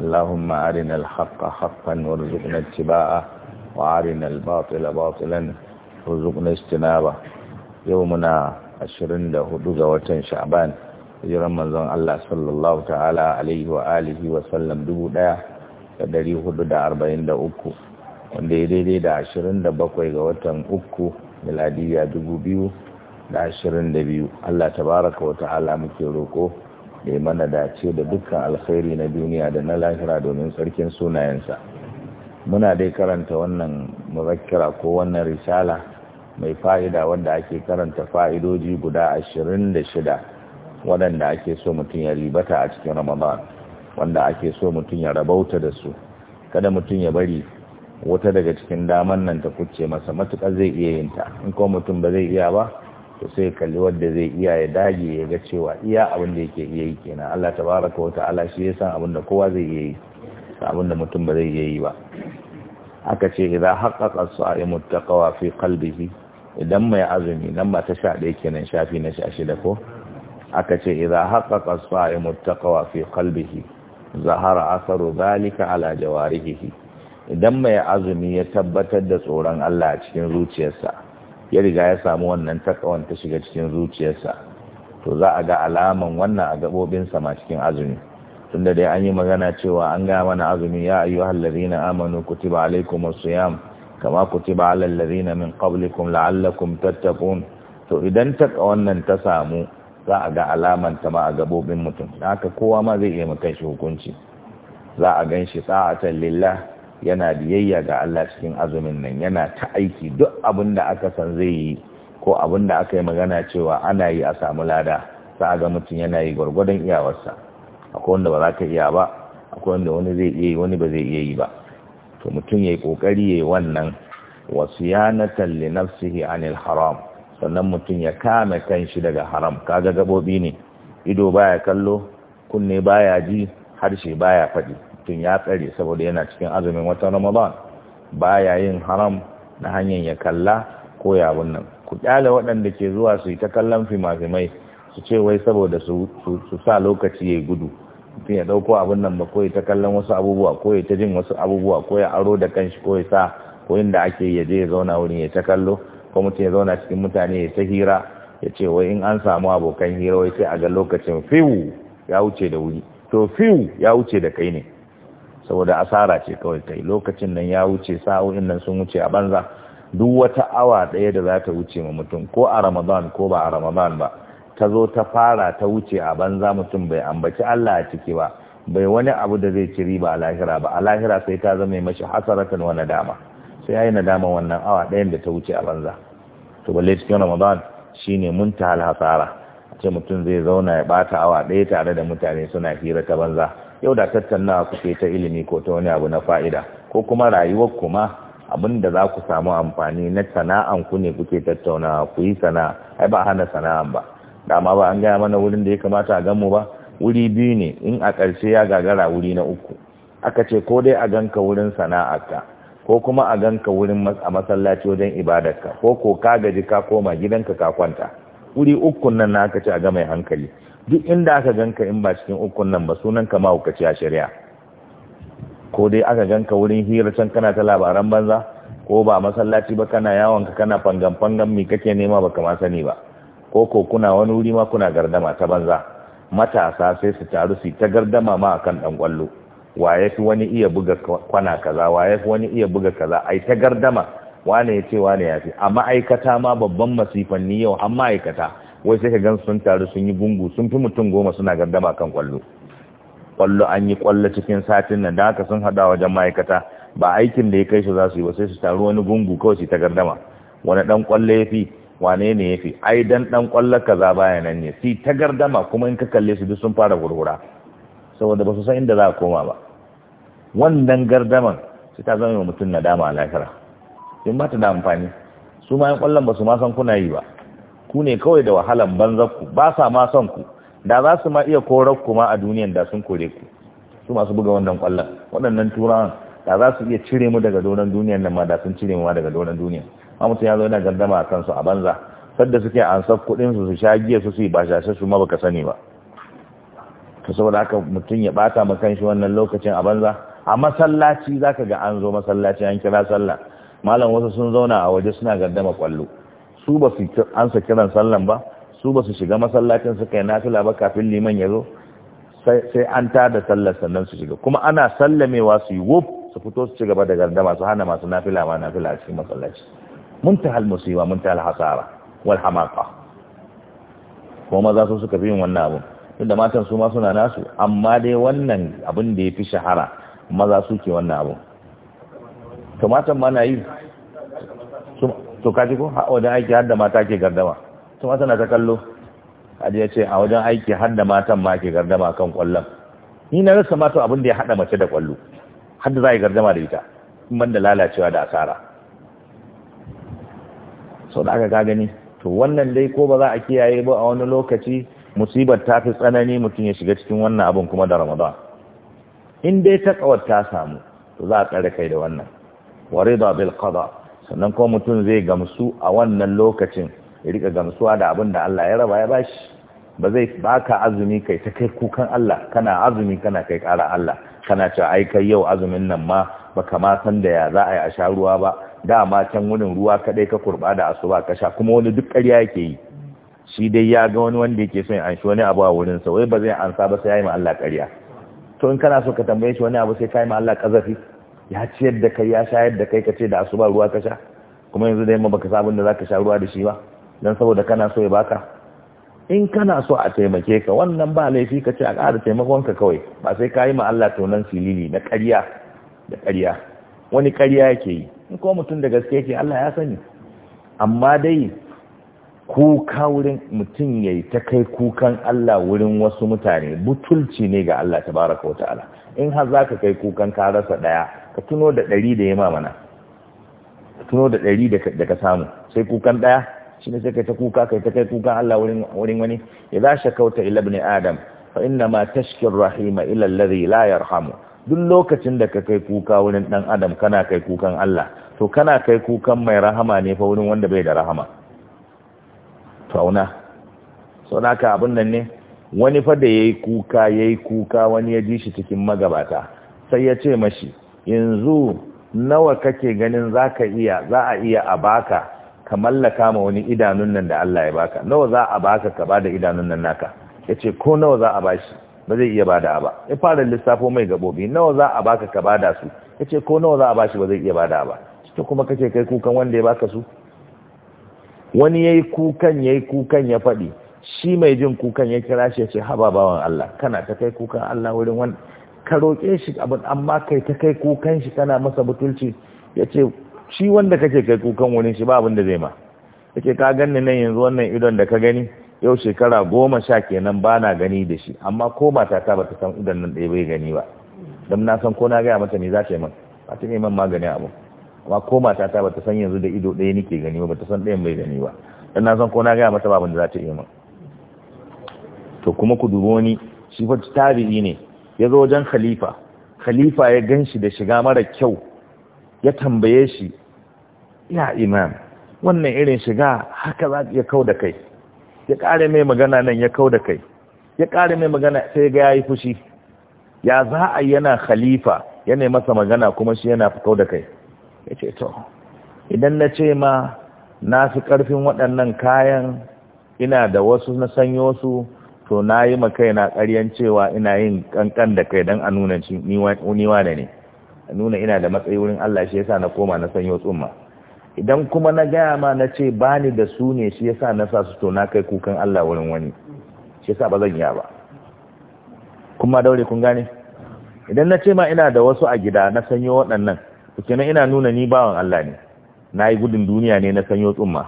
اللهم أرنا الحق حقا وارزقنا اتباعه وأرنا الباطل باطلا وارزقنا اجتنابه يومنا عشرين لهدوغ وتن شعبان hijiran manzon Allah sallallahu ta'ala alaihi wa alihi wa sallam uku, wanda ya daidai da ashirin da bakwai ga watan uku miladiya biyu Allah tabaraka wa ta'ala muke roƙo. da mana dace da dukkan alkhairi na duniya da na lahira domin tsarkin sunayensa muna dai karanta wannan mazakira ko wannan risala mai fa'ida wanda ake karanta fa'idoji guda ashirin da shida wadanda ake so mutum ya ribata a cikin ramadan wanda ake so mutum ya rabauta da su kada mutum ya bari wata daga cikin daman nan ta kuce masa matuƙar zai iya yinta in ko mutum ba zai iya ba to sai kalli wanda zai iya ya dage ya ga cewa iya abin da yake iya yi kenan Allah tabaraka wa ta'ala shi yasa abin da kowa zai iya yi abin da mutum ba zai iya yi ba aka ce idza haqqaqa as-sa'imu taqwa fi qalbihi idan mai azumi nan ba ta sha ɗaya kenan shafi na sha shida ko aka ce idza haqqaqa as-sa'imu taqwa fi qalbihi zahara asaru zalika ala jawarihi idan mai azumi ya tabbatar da tsoron Allah a cikin zuciyarsa ya riga ya samu wannan takawan ta shiga cikin zuciyarsa to za a ga alaman wannan a gabobinsa ma cikin azumi tunda dai an yi magana cewa an ga mana azumi ya ayyuhal na amanu kutiba alaikumus siyam kama kutiba alal ladina min qablikum la'allakum tattaqun to idan takawan nan ta samu za a ga alaman ta ma a gabobin mutum haka kowa ma zai iya maka shi hukunci za a gan shi sa'atan lillah yana biyayya ga Allah cikin azumin nan yana ta aiki duk abin da aka san zai yi ko abin da aka yi magana cewa ana yi a samu lada sa ga mutum yana yi gwargwadon iyawarsa akwai wanda ba za ka iya ba akwai wanda wani zai iya yi wani ba zai iya yi ba to mutum ya yi kokari ya yi wannan wasu yanatan li nafsihi anil haram sannan mutum ya kame shi daga haram kaga gabobi ne ido baya kallo kunne baya ji harshe baya faɗi mutum ya tsare saboda yana cikin azumin watan ramadan baya yin haram na hanyar ya kalla ko ya nan ku kyale waɗanda ke zuwa su yi ta kallon fimafimai su ce wai saboda su sa lokaci ya gudu mutum ya ɗauko abin nan ba ko ya ta kallon wasu abubuwa ko ya ta jin wasu abubuwa ko ya aro da kanshi ko ya sa ko inda ake ya je ya zauna wurin ya ta kallo ko mutum ya zauna cikin mutane ya ta hira ya ce wai in an samu abokan hira wai sai a ga lokacin fiwu ya wuce da wuri to fiwu ya wuce da kai ne saboda asara ce kawai kai lokacin nan ya wuce sa'o'in nan sun wuce a banza duk wata awa ɗaya da za ta wuce ma mutum ko a ramadan ko ba a ramadan ba ta zo ta fara ta wuce a banza mutum bai ambaci Allah a ciki ba bai wani abu da zai ciri ba a lahira ba a lahira sai ta zama mashi hasaratan wani dama, sai ya yi nadama wannan awa ɗayan da ta wuce a banza to balle cikin ramadan shine mun ta hasara ce mutum zai zauna ya bata awa ɗaya tare da mutane suna hira ta banza yau da tattauna kuke ta ilimi ko ta wani abu na fa'ida ko kuma rayuwar kuma abin da za ku samu amfani na sana'an ku ne kuke tattauna ku yi sana'a ai ba hana sana'an ba dama ba an gaya mana wurin da ya kamata a gan mu ba wuri biyu ne in a ƙarshe ya gagara wuri na uku aka ce ko dai a gan ka wurin ka ko kuma a gan ka wurin a masallaci wajen ibadarka ko ko ka gaji ka koma gidanka ka kwanta wuri ukun nan na aka ce a ga mai hankali duk inda aka ganka in ba cikin ukun nan ba sunan ka mahaukaci a shari'a ko dai aka ganka wurin hira can kana ta labaran banza ko ba masallaci ba kana yawon ka kana fangan fangan mi kake nema baka ma sani ba ko ko kuna wani wuri ma kuna gardama ta banza matasa sai su taru su ta gardama ma akan dan kwallo waye fi wani iya buga kwana kaza waye fi wani iya buga kaza ai ta gardama wane ya ce wane ya fi a ma'aikata ma babban masifan ni yau an ma'aikata wai sai ka gan sun taru sun yi gungu sun fi mutum goma suna gardama kan kwallo kwallo an yi kwallo cikin satin nan da aka sun hada wajen ma'aikata ba aikin da ya kai su za su yi ba sai su taru wani gungu kawai su ta gardama wani dan kwallo ya fi wane ne ya fi ai dan dan kwallo kaza baya nan ne si ta gardama kuma in ka kalle su duk sun fara gurgura saboda ba su san inda za a koma ba wannan gardaman sai ta zama mutum nadama a lahira in ba ta da amfani su ma yan kwallon ba su ma san kuna yi ba ku ne kawai da wahalan ku ba sa ma son ku da za su ma iya korar ku ma a duniyan da sun kore ku su masu buga wannan kwallon waɗannan turawan da za su iya cire mu daga doron duniyan nan ma da sun cire mu ma daga doron duniyan ma mutum ya zo yana gardama a kansu a banza sadda suke sa kuɗin su su sha giya su su yi ba shashe su ma baka sani ba to saboda haka mutum ya bata ma kanshi wannan lokacin a banza a masallaci zaka ga an zo masallaci an kira sallah malam wasu sun zauna a waje suna gardama kwallo su ba su ansa kiran sallan ba su ba su shiga masallacin suka yi nafila ba kafin liman ya zo sai an tada sallar sannan su shiga kuma ana sallamewa su yi wuf su fito su ci gaba da gardama su hana masu nafila ma nafila a cikin masallaci mun musiba hal hasara wal hamaqa kuma maza su suka fi yin wannan abun tunda matan su ma suna nasu amma dai wannan abin da ya fi shahara maza ke wannan abun kamatan ma na yi to kaji ko a wajen aiki har mata ke gardama to mata na ta kallo aje ya ce a wajen aiki har da matan ma ke gardama kan kwallon ni na rasa mata abin da ya hada mace da kwallo har da za a yi gardama da ita in banda lalacewa da asara sau da aka ka gani to wannan dai ko ba za a kiyaye ba a wani lokaci musibar ta fi tsanani mutum ya shiga cikin wannan abin kuma da ramadan in dai ta kawar ta samu to za a tsare kai da wannan wa rida sannan kuma mutum zai gamsu a wannan lokacin ya rika gamsuwa da abin da Allah ya raba ya bashi ba zai baka azumi kai ta kai kukan Allah kana azumi kana kai ƙara Allah kana cewa ai kai yau azumin nan ma ba ma san da ya za a yi a sha ruwa ba dama can wurin ruwa kaɗai ka kurɓa da asuba ka sha kuma wani duk ƙarya yake yi shi dai ya ga wani wanda yake son an shi wani abu a wurin sa wai ba zai ansa ba sai ya yi ma Allah ƙarya to in kana so ka tambaye shi wani abu sai ka yi ma Allah ƙazafi ya ciyar da kai ya sha da kai ka ce da asuba ruwa ka sha kuma yanzu da yamma baka sa abin da zaka sha ruwa da shi ba dan saboda kana so ya baka in kana so a taimake ka wannan ba laifi ka ce a ƙara taimakon ka kawai ba sai ka yi ma Allah tonan silili na ƙarya da ƙarya wani ƙarya yake yi in kuma mutum da gaske yake Allah ya sani amma dai kuka wurin mutum ya yi ta kai kukan Allah wurin wasu mutane butulci ne ga Allah tabaraka wa ta'ala in har za ka kai kukan ka rasa ɗaya ka tuno da ɗari da ya mamana ka tuno da ɗari da ka samu sai kukan ɗaya shi ne sai kai ta kuka kai ta kai kukan Allah wurin wani ya za shi kauta ila ibn adam fa inna ma Tashkin rahima ila alladhi la yarhamu duk lokacin da ka kai kuka wurin ɗan adam kana kai kukan Allah to kana kai kukan mai rahama ne fa wurin wanda bai da rahama Fauna. sau abin nan ne wani fa da yayi kuka yayi kuka wani ya ji shi cikin magabata sai ya ce mashi yanzu nawa kake ganin zaka iya za a iya a baka ka mallaka ma wani idanun nan da Allah ya baka nawa za a baka ka bada idanun nan naka yace ko nawa za a bashi ba zai iya bada ba ya fara lissafo mai gabobi nawa za a baka ka bada su yace ko nawa za a bashi ba zai iya bada ba to kuma kace kai kukan wanda ya baka su wani yayi kukan yayi kukan ya faɗi shi mai jin kukan ya kira shi ya ce haba bawan Allah kana ta kai kukan Allah wurin wani ka roƙe shi abin amma kai ta kai kukan shi kana masa butulci ya ce shi wanda kake kai kukan wani shi ba abin da zai ma ya ce ka ganni nan yanzu wannan idon da ka gani yau shekara goma sha kenan ba na gani da shi amma ko mata ta ba ta san idon nan ɗaya bai gani ba don na san ko na gaya mata me za ta yi man ba ta neman magani abu amma ko mata ta ba ta san yanzu da ido ɗaya nake gani ba ta san ɗayan bai gani ba don na san ko na gaya mata ba abin da za ta yi man to kuma ku dubo ni shi fa tarihi ne ya zo wajen khalifa khalifa ya gan shi da shiga mara kyau ya tambaye shi ya imam wannan irin shiga haka za ya kau da kai ya ƙare mai magana nan ya kau da kai ya ƙare mai magana sai ga ya yi fushi ya za a yana khalifa ya yana masa magana kuma shi yana kau da kai ya ce to idan na ce ma na fi ƙarfin waɗannan kayan ina da wasu na sanyo su to na yi makaina ƙaryan cewa ina yin kankan da kai don a nuna ni wane ne a nuna ina da matsayi wurin Allah shi yasa na koma na sanyo tsumma idan kuma na gaya ma na ce ba ni da su ne shi yasa na sa su to na kai kukan Allah wurin wani shi yasa ba zan yi ba kuma daure kun gane idan na ce ma ina da wasu a gida na sanyo waɗannan na ina nuna ni bawan Allah ne na yi gudun duniya ne na sanyo tsumma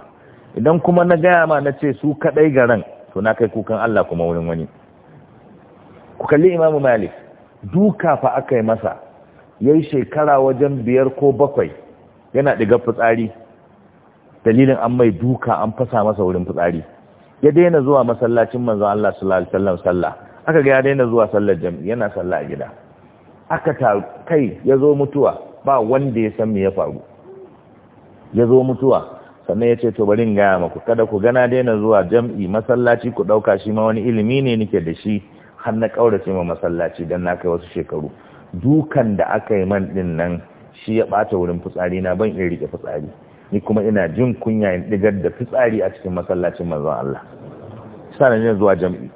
idan kuma na gaya ma na ce su kaɗai garan to na kai kukan Allah kuma wurin wani ku kalli imamu malik duka fa aka yi masa yi shekara wajen biyar ko bakwai yana diga fitsari dalilin an mai duka an fasa masa wurin fitsari ya daina zuwa masallacin manzon Allah sallallahu alaihi sallah aka ga ya daina zuwa sallar jami'i yana sallah a gida aka ta kai ya zo mutuwa ba wanda ya san me ya faru ya zo mutuwa sannan ya ce to bari gaya maku kada ku gana daina zuwa jam'i masallaci ku ɗauka shi ma wani ilimi ne nake da shi har na ƙaurace ma masallaci don na kai wasu shekaru dukan da aka yi man ɗin nan shi ya ɓata wurin fitsari na ban iya riƙe fitsari ni kuma ina jin kunya in ɗigar da fitsari a cikin masallacin manzon Allah sannan ne zuwa jam'i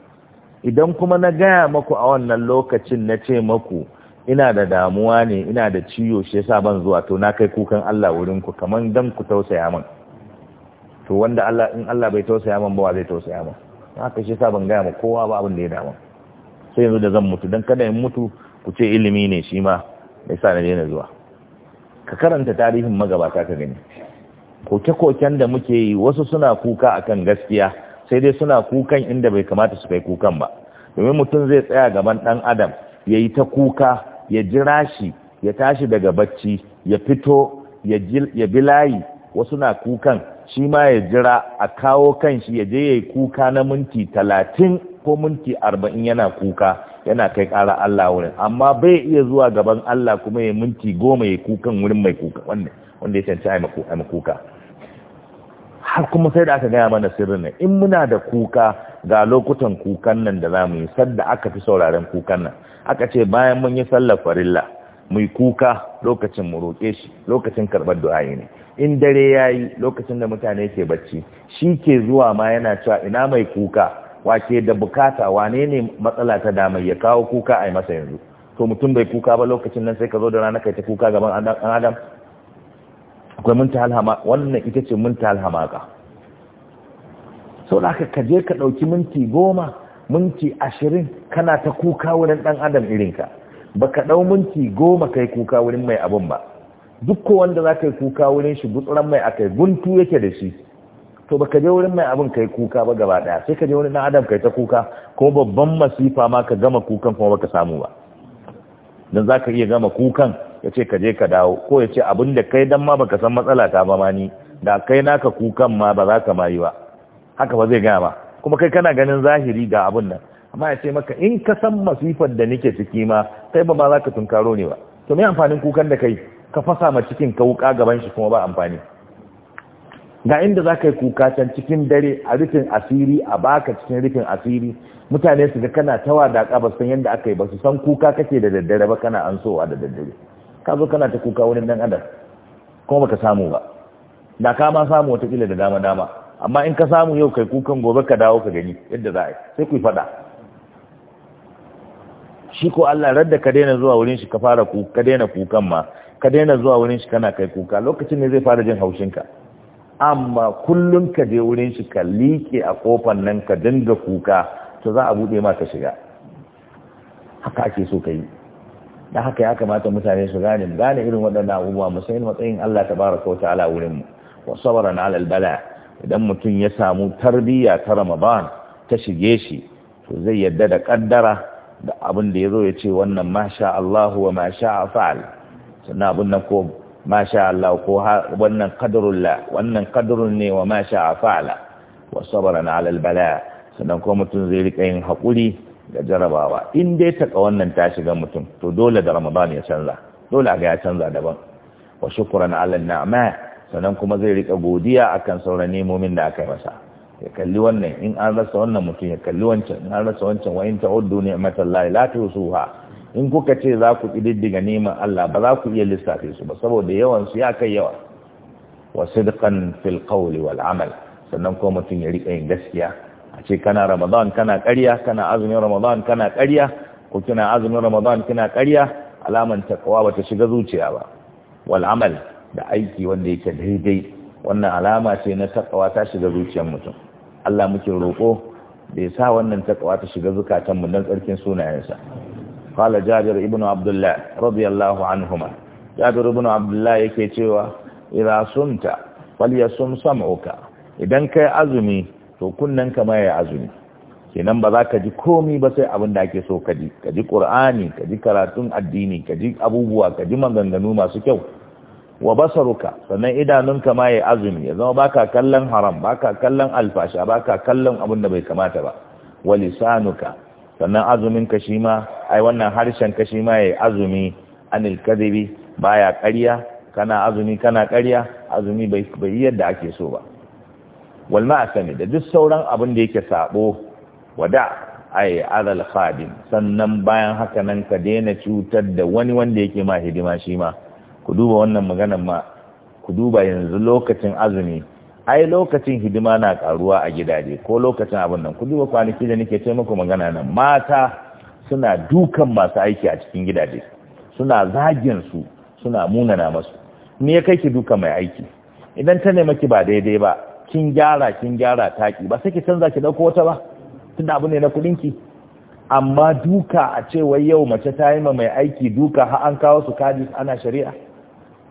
idan kuma na gaya maku a wannan lokacin na ce maku ina da damuwa ne ina da ciwo shi yasa ban zuwa to na kai kukan Allah wurin ku kaman dan ku tausaya min to wanda Allah in Allah bai tausaya min ba zai tausaya min haka shi sa ban gaya ma kowa ba abin da ya dama sai yanzu da zan mutu dan kada in mutu ku ce ilimi ne shi ma mai sa na daina zuwa ka karanta tarihin magabata ka gani koke-koken da muke yi wasu suna kuka akan gaskiya sai dai suna kukan inda bai kamata su kai kukan ba domin mutum zai tsaya gaban ɗan adam ya yi ta kuka ya jira shi ya tashi daga bacci ya fito ya bi layi wasu na kukan shi ma ya jira a kawo kanshi ya je ya yi kuka na minti talatin ko minti arba'in yana kuka yana kai ƙara Allah wurin amma bai iya zuwa gaban Allah kuma ya minti goma ya kukan wurin mai kuka wanda wanda ya canci a kuka har kuma sai da aka gaya mana sirrin nan in muna da kuka ga lokutan kukan nan da za mu yi sadda aka fi sauraren kukan nan aka ce bayan mun yi sallar farilla mu yi kuka lokacin mu roƙe shi lokacin karɓar du'a ne in dare ya yi lokacin da mutane ke bacci shi ke zuwa ma yana cewa ina mai kuka wace da bukata wane ne matsala ta damar ya kawo kuka a yi masa yanzu to mutum bai kuka ba lokacin nan sai ka zo da rana kai ta kuka gaban ɗan adam akwai munta halhama wannan ita ce munta halhamaka sau da ka je ka ɗauki minti goma minti ashirin kana ta kuka wurin ɗan adam irinka ba ka ɗau minti goma kai kuka wurin mai abun ba duk ko wanda za ka yi kuka wurin shi gutsuran mai a kai guntu yake da shi to ba ka je wurin mai abin yi kuka ba gaba daya sai ka je wurin dan adam yi ta kuka ko babban masifa ma ka gama kukan kuma baka samu ba dan za ka iya gama kukan ya ce ka je ka dawo ko ya ce abin da kai dan ma baka san matsala ta ba ma da kai naka kukan ma ba za ka ma yi ba haka ba zai gama kuma kai kana ganin zahiri ga abin nan amma ya ce maka in ka san masifar da nake ciki ma kai ba ma za ka tunkaro ne ba to me amfanin kukan da kai ka fasa ma cikin ka wuka gaban shi kuma ba amfani ga inda za ka yi kuka can cikin dare a rufin asiri a baka cikin rufin asiri mutane su ga kana tawa da ka san yadda aka yi ba su san kuka kake da daddare ba kana an sowa da daddare ka zo kana ta kuka wani dan adam kuma baka samu ba da ka ma samu kila da dama dama amma in ka samu yau kai kukan gobe ka dawo ka gani yadda za a yi sai ku faɗa shi ko Allah radda ka daina zuwa wurin shi ka fara ku ka daina kukan ma ka daina zuwa wurin shi kana kai kuka lokacin ne zai fara jin haushin ka. amma kullum ka je wurin shi ka liƙe a kofan nan ka dinga kuka to za a buɗe ma ka shiga haka ake so ka yi da haka ya kamata mutane su gane gane irin waɗannan abubuwa musayin matsayin Allah ta bara ko ta'ala wurin mu wa sabara na alal idan mutum ya samu tarbiyya ta Ramadan ta shige shi to zai yadda da kaddara da abin da ya zo ya ce wannan masha Allah wa masha fa'al suna abin nan ko masha Allah ko wannan qadrullah wannan ne wa masha fa'ala wa sabran 'ala al-bala ko mutum zai rika yin hakuri ga jarabawa in dai taka wannan ta shiga mutum to dole da ramadan ya canza dole ga ya canza daban wa shukran 'ala an-ni'ma sannan kuma zai rika godiya akan sauran nemomin da aka yi masa ya kalli wannan in an rasa wannan mutum ya kalli wancan in an rasa wancan wa in ta'uddu ni'matallahi la tusuha in kuka ce za ku ƙididdiga neman Allah ba za ku iya lissafe su ba saboda yawan su ya kai yawa wa sidqan fil qawli wal amal sannan ko mutum ya rika yin gaskiya a ce kana ramadan kana ƙarya kana azumin ramadan kana ƙarya ko kina azumin ramadan kina ƙarya alaman takawa bata shiga zuciya ba wal amal da aiki wanda yake daidai wannan alama ce na takawa ta shiga zuciyar mutum Allah muke roko, da ya sa wannan takawa ta shiga mu don tsarkin sunayensa قال جابر ابن عبد الله رضي الله عنهما جابر ابن عبد الله yake cewa idza wal yasum sam'uka idan kai azumi to kunnan ka mai azumi kenan ba za ka ji komai ba sai abin da ake so ka ji ka ji qur'ani ka ji karatun addini ka ji abubuwa ka ji maganganu masu kyau wa basaruka sannan idanunka ma yi azumi ya zama baka kallon haram baka kallon alfasha baka kallon abin da bai kamata ba wa lisanuka sannan azumin ka shi ma ai wannan harshen ka shi ma yayi azumi anil kadibi baya ƙarya kana azumi kana ƙarya azumi bai bai yadda ake so ba wal ma'asami da duk sauran abin da yake sabo wada ai adal khadim sannan bayan haka nan ka daina cutar da wani wanda yake ma hidima shi ma ku duba wannan maganar ma ku duba yanzu lokacin azumi ai lokacin hidima na karuwa a gidaje ko lokacin abin nan kuji kwanaki da nake ce muku magana nan mata suna dukan masu aiki a cikin gidaje suna zagin su suna munana masu Ni ya kai ki duka mai aiki idan ta nema ki ba daidai ba kin gyara kin gyara taki ba sai ki canza ki dauko wata ba tunda abu ne na kudin ki amma duka a ce wai yau mace ta yi ma mai aiki duka har an kawo su kadis ana shari'a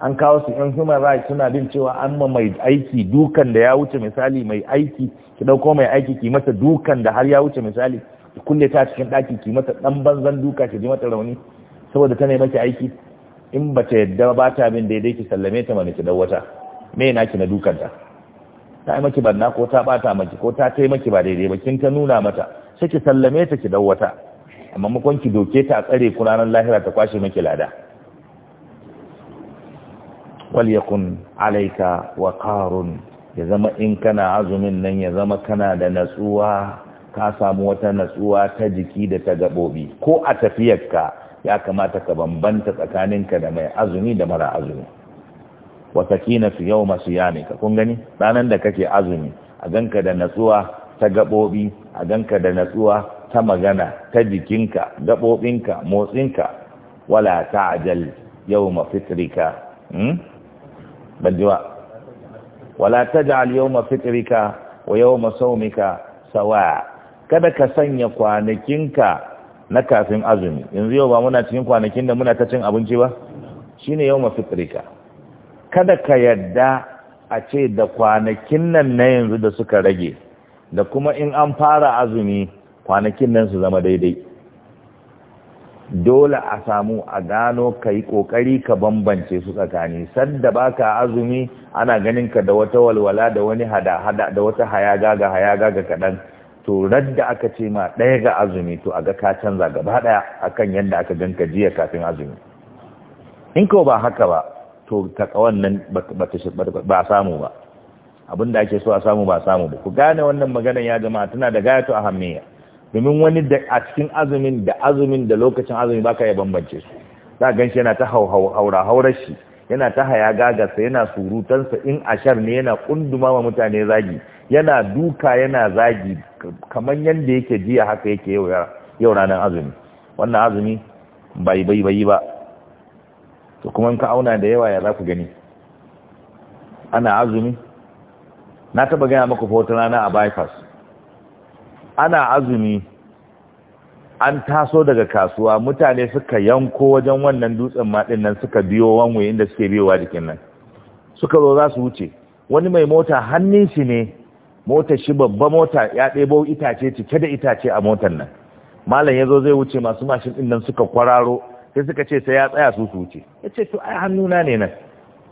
an kawo su yan human rights suna bin cewa an ma mai aiki dukan da ya wuce misali mai aiki ki dauko mai aiki ki masa dukan da har ya wuce misali ki kulle ta cikin daki ki mata dan banzan duka ki ji mata rauni saboda ta nemi maki aiki in ba ta yadda ba ta bin daidai ki sallame ta mana ki dau wata me na ki na dukan ta ta yi maki barna ko ta bata maki ko ta tai maki ba daidai ba kin ta nuna mata sai ki sallame ta ki dau wata amma makon ki doke ta a tsare ku lahira ta kwashe maki lada waliyakun alaika wa ƙarun. ya zama in kana azumin nan ya zama kana da natsuwa ka samu wata natsuwa ta jiki da ta gabobi ko a tafiyarka ya kamata ka bambanta tsakaninka da mai azumi da mara azumi wa masu yami ka kun gani ranar da kake azumi a ganka da natsuwa ta gabobi a ganka da natsuwa ta magana ta jikinka gabobinka motsinka wala ta'jal yau mafitrika hmm? ban ji ba wala taj'al yawma fitrika wa yawma sawmika sawa kada ka sanya kwanakinka na kafin azumi yanzu yau ba muna cikin kwanakin da muna ta cin abinci ba shine yawma fitrika kada ka yadda a ce da kwanakin nan na yanzu da suka rage da kuma in an fara azumi kwanakin nan su zama daidai dole a samu a gano ka yi ƙoƙari ka bambance su tsakani sadda ba ka azumi ana ganin ka da wata walwala da wani hada-hada da wata hayaga ga hayaga ga kadan to radda aka ce ma ɗaya ga azumi to a ga ka canza gaba ɗaya akan yadda aka ganka jiya kafin azumi in ko ba haka ba to ta wannan ba samu ba abin da ake so a samu ba samu ba ku gane wannan maganar ya jama'a tana da gayatu a hammiya domin wani da a cikin azumin da azumin da lokacin azumi baka ya bambance su za gan shi yana ta haura haura shi yana ta haya gagarsa yana surutansa in ashar ne yana kunduma wa mutane zagi yana duka yana zagi kamar yadda yake jiya haka yake yau ranar azumi wannan azumi bai bai bai ba to kuma ka auna da yawa ya za ku gani ana azumi na taba gaya maku hoton rana a bypass ana azumi an taso daga kasuwa mutane suka yanko wajen wannan dutsen maɗin nan suka biyo wanwe inda suke biyowa jikin nan suka zo za su wuce wani mai mota hannun shi ne mota shi babba mota ya ɗebo itace cike da itace a motar nan malam ya zo zai wuce masu mashin ɗin nan suka kwararo sai suka ce sai ya tsaya su su wuce ya ce to ai hannuna ne nan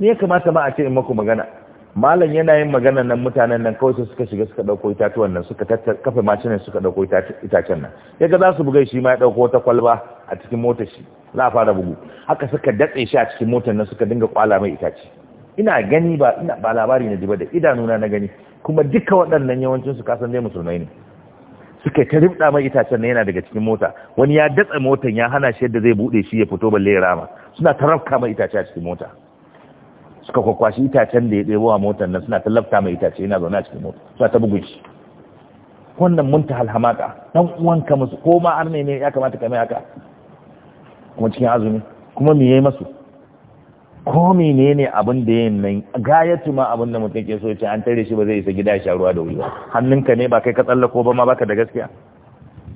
me ya kamata ma a ce in maku magana malam yana yin magana nan mutanen nan kawai suka shiga suka dauko itatuwan nan suka kafa macinan suka dauko itacen nan yaga za su bugai shi ma ya dauko wata kwalba a cikin motar shi za a fara bugu haka suka datse shi a cikin motar nan suka dinga kwala mai itace ina gani ba ina ba labari na jiba da idanuna na gani kuma duka waɗannan yawancin su kasan dai musulmai ne suka ta ribda mai itacen nan yana daga cikin mota wani ya datse motar ya hana shi yadda zai bude shi ya fito balle ya rama suna tarafka mai itace a cikin mota suka kwakwashi itacen da ya ɗebo a motar nan suna tallafta mai itace yana zaune a cikin motar suna ta bugun shi wannan mun ta halhamaka dan uwanka musu ko ma arne ne ya kamata ka mai haka kuma cikin azumi kuma me yayi masu ko menene abin da yin nan gayatu ma abin da mutake so ya ce an tare shi ba zai isa gida sha ruwa da wuri ba hannunka ne ba kai ka tsallako ba ma baka da gaskiya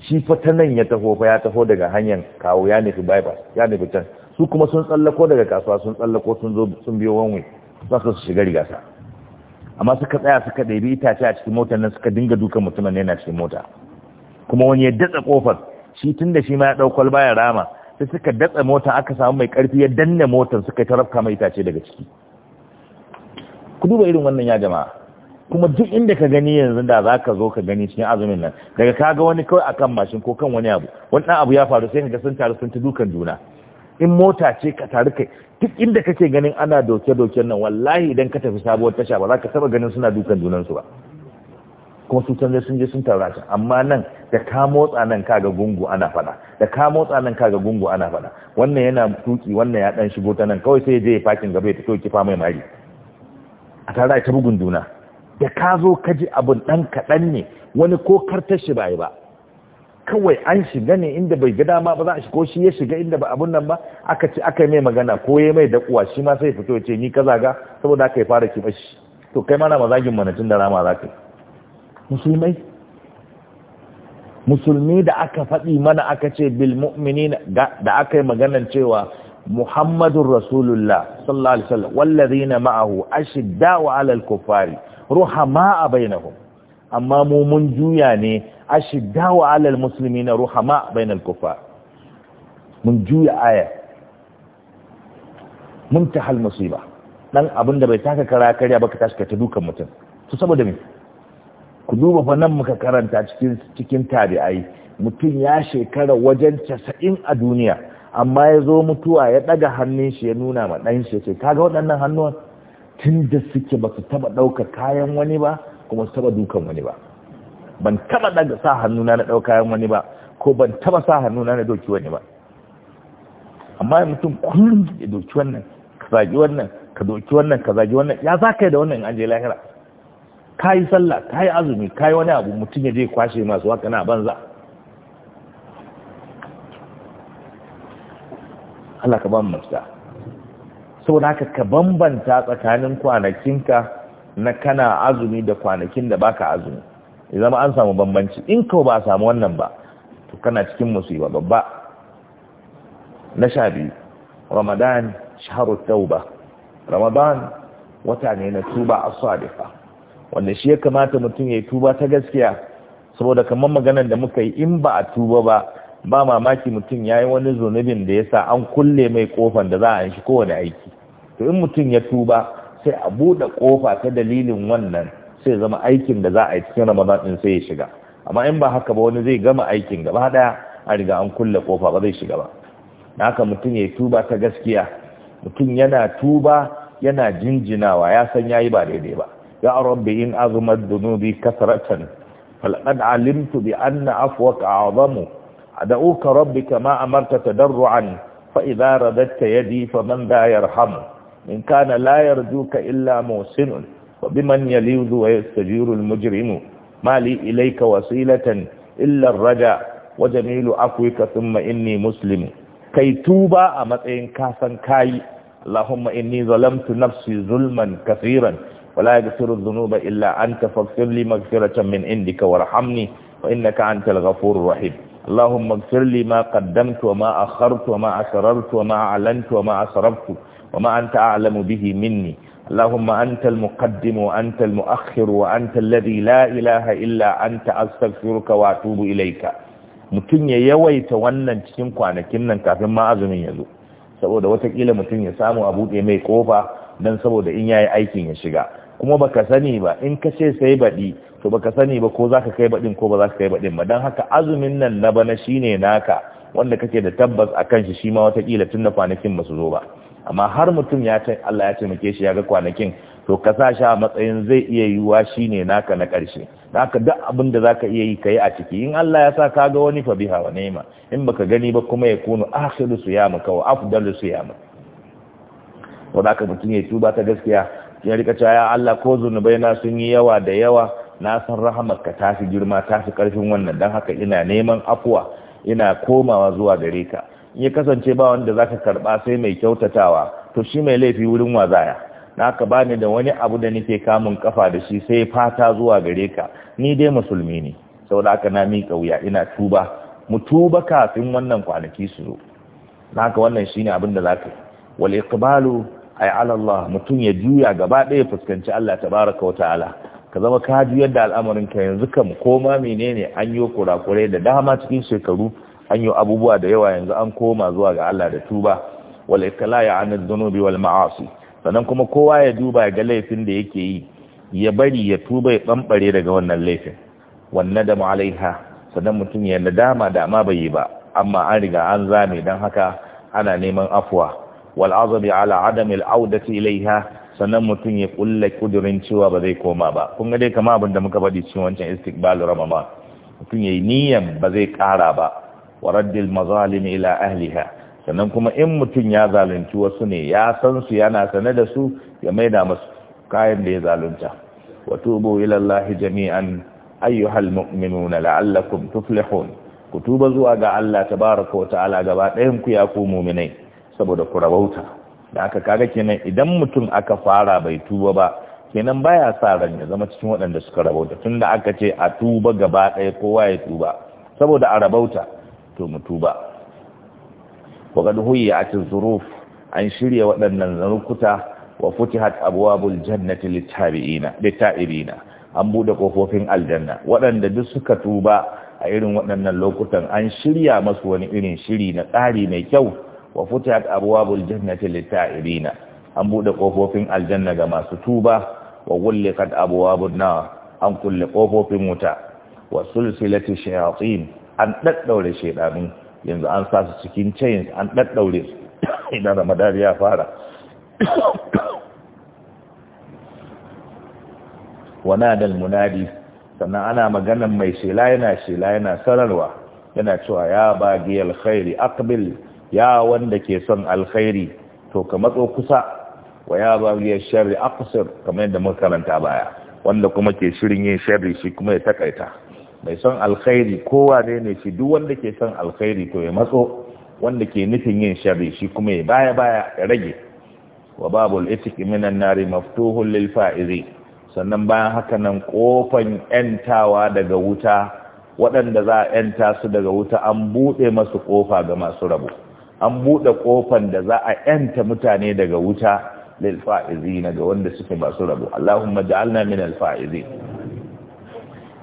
shi fa ta nan ya taho fa ya taho daga hanyar kawo ya nufi bypass ya nufi can su kuma sun tsallako daga kasuwa sun tsallako sun zo sun biyo wanwe za su shiga rigasa amma suka tsaya suka ɗabi itace a cikin motar nan suka dinga dukan mutumin yana cikin mota kuma wani ya datsa kofar shi tun da shi ma ya ɗau kwalba rama sai suka datsa mota aka samu mai karfi ya danne motar suka tarafka mai itace daga ciki ku duba irin wannan ya jama'a kuma duk inda ka gani yanzu da za ka zo ka gani cikin azumin nan daga kaga wani kawai akan mashin ko kan wani abu wani abu ya faru sai ka ga sun taru sun ta dukan juna in mota ce ka tare kai duk inda kake ganin ana doke-doken nan wallahi idan ka tafi sabuwar tasha ba za ka saba ganin suna dukan junansu ba kuma su canza sun je sun tara shi amma nan da ka motsa nan kaga gungu ana fada da ka motsa nan kaga gungu ana fada wannan yana tuki wannan ya dan shigo ta nan kawai sai je fakin gaba ya fito fa mai mari a tara ta bugun duna, da ka zo ka ji abun dan kaɗan ne wani ko kar ta shi bai ba kawai an shiga ne inda bai ga dama ba za a shigo shi ya shiga inda ba abun nan ba aka ce aka mai magana ko ya mai dakuwa shi ma sai fito ce ni kaza ga saboda aka yi fara kiba shi to kai ma na mazagin manatin da rama za ka musulmai musulmi da aka faɗi mana aka ce bil mu'mini da aka yi maganan cewa muhammadun rasulullah sallallahu alaihi wasallam wallazina ma'ahu ashidda'u alal ruhama a bainahum amma mu mun juya ne ashidda wa alal musulmi na ruhama bainal kufa mun juya aya mun ta hal ba. dan abin da bai taka kara karya ba ka tashi ka ta dukan mutum su saboda mai ku duba fa nan muka karanta cikin cikin tabi'ai mutum ya shekara wajen casa'in a duniya amma ya zo mutuwa ya ɗaga hannun shi ya nuna ma dan shi ce kaga waɗannan hannuwan tun da suke ba su taɓa ɗaukar kayan wani ba kuma su taba dukan wani ba ban taba daga sa hannuna na dauka kayan wani ba ko ban taba sa hannuna na doki wani ba amma mutum kullum ya doki wannan ka zagi wannan ka doki wannan ka zagi wannan ya za ka yi da wannan an je lahira ka yi sallah ka yi azumi ka yi wani abu mutum ya je kwashe masu haka na banza Allah ka ban mafita saboda haka ka bambanta tsakanin kwanakinka na kana azumi da kwanakin da baka azumi ya zama an samu bambanci in kawai ba a samu wannan ba to kana cikin musiba babba na sha biyu ramadan shaharu tauba ramadan wata ne na tuba as-sadiqa wanda shi ya kamata mutum ya yi tuba ta gaskiya saboda kamar maganar da muka yi in ba a tuba ba ba mamaki mutum ya yi wani zunubin da ya sa an kulle mai kofan da za a shi kowane aiki to in mutum ya tuba sai a buɗe ƙofa ta dalilin wannan sai zama aikin da za a yi cikin ramadan din sai ya shiga amma in ba haka ba wani zai gama aikin gaba daya a riga an kulle ƙofa ba zai shiga ba haka mutum ya tuba ta gaskiya mutum yana tuba yana jinjinawa ya san yayi ba daidai ba ya rabbi in azmat dunubi kasratan qad alimtu bi anna afwaka a'zamu ad'uka rabbi kama amarta tadarruan fa idza radadta yadi man da yarhamu in kana la yarjuka illa musinun wa biman yalidhu wa yastajiru almujrimu mali ilayka wasilatan illa ar-raja wa jamilu aqwika thumma inni muslim kai tuba a matsayin kasan kai allahumma inni zalamtu nafsi zulman kaseeran wa la yaghfiru adh-dhunuba illa anta faghfir li maghfiratan min indika warhamni wa innaka antal ghafurur rahim اللهم اغفر a ما قدمت وما أخرت وما أسررت وما أعلنت وما أسرفت وما أنت أعلم به مني اللهم أنت المقدم وأنت المؤخر وأنت الذي لا إله إلا أنت أستغفرك وأتوب إليك mutum ya yawaita wannan cikin kwanakin nan kafin ma azumin ya zo saboda watakila mutum ya samu a buɗe mai kofa don saboda in yayi aikin ya shiga kuma baka sani ba in ka ce sai baɗi to baka sani ba ko zaka kai baɗin ko ba za ka kai baɗin ba don haka azumin nan na bana shine naka wanda kake da tabbas a shi shi ma watakila tun da kwanakin ba su zo ba amma har mutum ya ta Allah ya taimake shi ya ga kwanakin to ka sa shi a matsayin zai iya yiwuwa shine naka na ƙarshe haka duk abin da zaka iya yi ka yi a ciki in Allah ya sa ka ga wani fa biha wa ni'ma in baka gani ba kuma ya kunu akhiru ka wa afdalu to da ka mutum ya tuba ta gaskiya ya rika cewa ya Allah ko zunubai na sun yi yawa da yawa na san rahamarka ta fi girma ta fi karfin wannan dan haka ina neman afuwa ina komawa zuwa gare ka ya kasance ba wanda zaka karba sai mai kyautatawa to shi mai laifi wurin wazaya naka bani da wani abu da nake kamun kafa da shi sai fata zuwa gare ka ni dai musulmi ne saboda aka na mika wuya ina tuba mu tuba kafin wannan kwanaki su zo naka wannan shine abin da zaka yi wal iqbalu ay ala Allah mutun ya juya gaba ɗaya fuskanci Allah tabaraka wa ta'ala ka zama ka juyar da al'amarin ka yanzu kam koma menene an yi kurakurai da dama cikin shekaru an yi abubuwa da yawa yanzu an koma zuwa ga Allah da tuba wal ikhlaya an dhunubi wal ma'asi sannan kuma kowa ya duba ga laifin da yake yi ya bari ya tuba ya bambare daga wannan laifin wannan da alaiha sannan mutum ya nadama da bai yi ba amma an riga an zame dan haka ana neman afwa wal azabi ala adami al audati ilaiha sannan mutum ya kulle kudurin cewa ba zai koma ba kun ga dai kama abin da muka faɗi cikin wancan istiqbal ramama mutum yayi niyyan ba zai ƙara ba wa raddil mazalim ila ahliha sannan kuma in mutum ya zalunci wasu ne ya san su yana sane da su ya maida masu kayan da ya zalunta wa tubu ila Allah jami'an ayyuhal mu'minuna la'allakum tuflihun ku tuba zuwa ga Allah tabaraka wa ta'ala gaba ɗayan ku ya ku mu'minai saboda ku rabauta da aka kaga kenan idan mutum aka fara bai tuba ba kenan baya sa ran ya zama cikin waɗanda suka rabauta tunda aka ce a tuba gaba ɗaya kowa ya tuba saboda a rabauta to mu tuba wa zuruf an shirya waɗannan lokuta wa futihat abwabul jannati lit-tabi'ina lit-ta'ibina an bude kofofin aljanna waɗanda duk suka tuba a irin waɗannan lokutan an shirya masu wani irin shiri na tsari mai kyau wa futihat abwabul jannati lit-ta'ibina an bude kofofin aljanna ga masu tuba wa ghulqat abwabun nar an kulle kofofin wuta wa sulsilati shayatin an ɗaɗɗaure shedanu yanzu an sa su cikin chains an ɗaɗɗaure su idan ramadan ya fara dal munadi sannan ana maganan mai shela yana shela yana sararwa yana cewa ya bagi alkhairi aqbil ya wanda ke son alkhairi to ka matso kusa wa ya bagi sharri aqsir kamar yadda muka karanta baya wanda kuma ke shirin yin sharri shi kuma ya takaita mai son alkhairi kowa ne ne shi duk wanda ke son alkhairi to ya matso wanda ke nufin yin sharri shi kuma ya baya baya ya rage wa babul itiq minan nari maftuhul lil fa'izi sannan bayan haka nan kofan yantawa daga wuta waɗanda za a yanta su daga wuta an buɗe masu kofa ga masu rabo an buɗe kofan da za a yanta mutane daga wuta lil na ga wanda suke masu rabo Allahumma ja'alna min al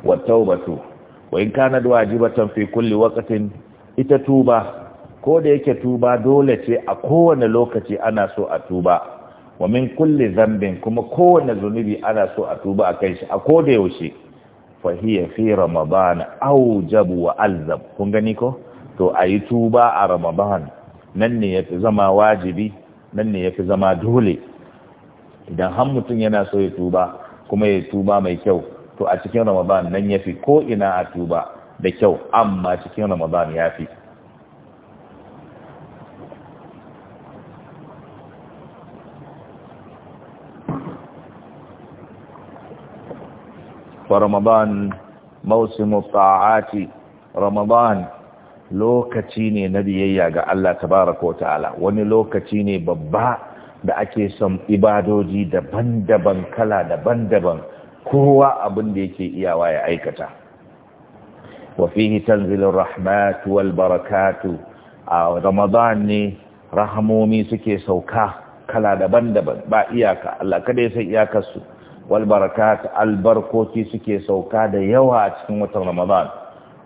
wa wa in kanat wajibatan fi kulli waqtin ita tuba ko da yake tuba dole ce a kowane lokaci ana so a tuba wa min kulli dhanbin kuma kowane zunubi ana so a tuba a kai shi a koda yaushe fa hiya fi ramadan jabu wa alzam kun gani ko to ayi tuba a ramadan nan ne yafi zama wajibi nan ne yafi zama dole idan har mutum yana so ya tuba kuma ya tuba mai kyau to a cikin ramadan nan ya fi ko ina a tuba da kyau amma cikin ramadan ya fi Ramadan موسم ta'ati Ramadan lokaci ne na biyayya ga Allah tabaraka wa ta'ala wani lokaci ne babba da ake son ibadoji daban-daban kala daban-daban kowa abin da yake iyawa ya aikata Wafihi fihi rahmatu wal barakatu a ramadan ne rahamomi suke sauka kala daban-daban ba iyaka Allah kada ya san iyakarsu. wal albarkoki suke sauka da yawa a cikin watan ramadan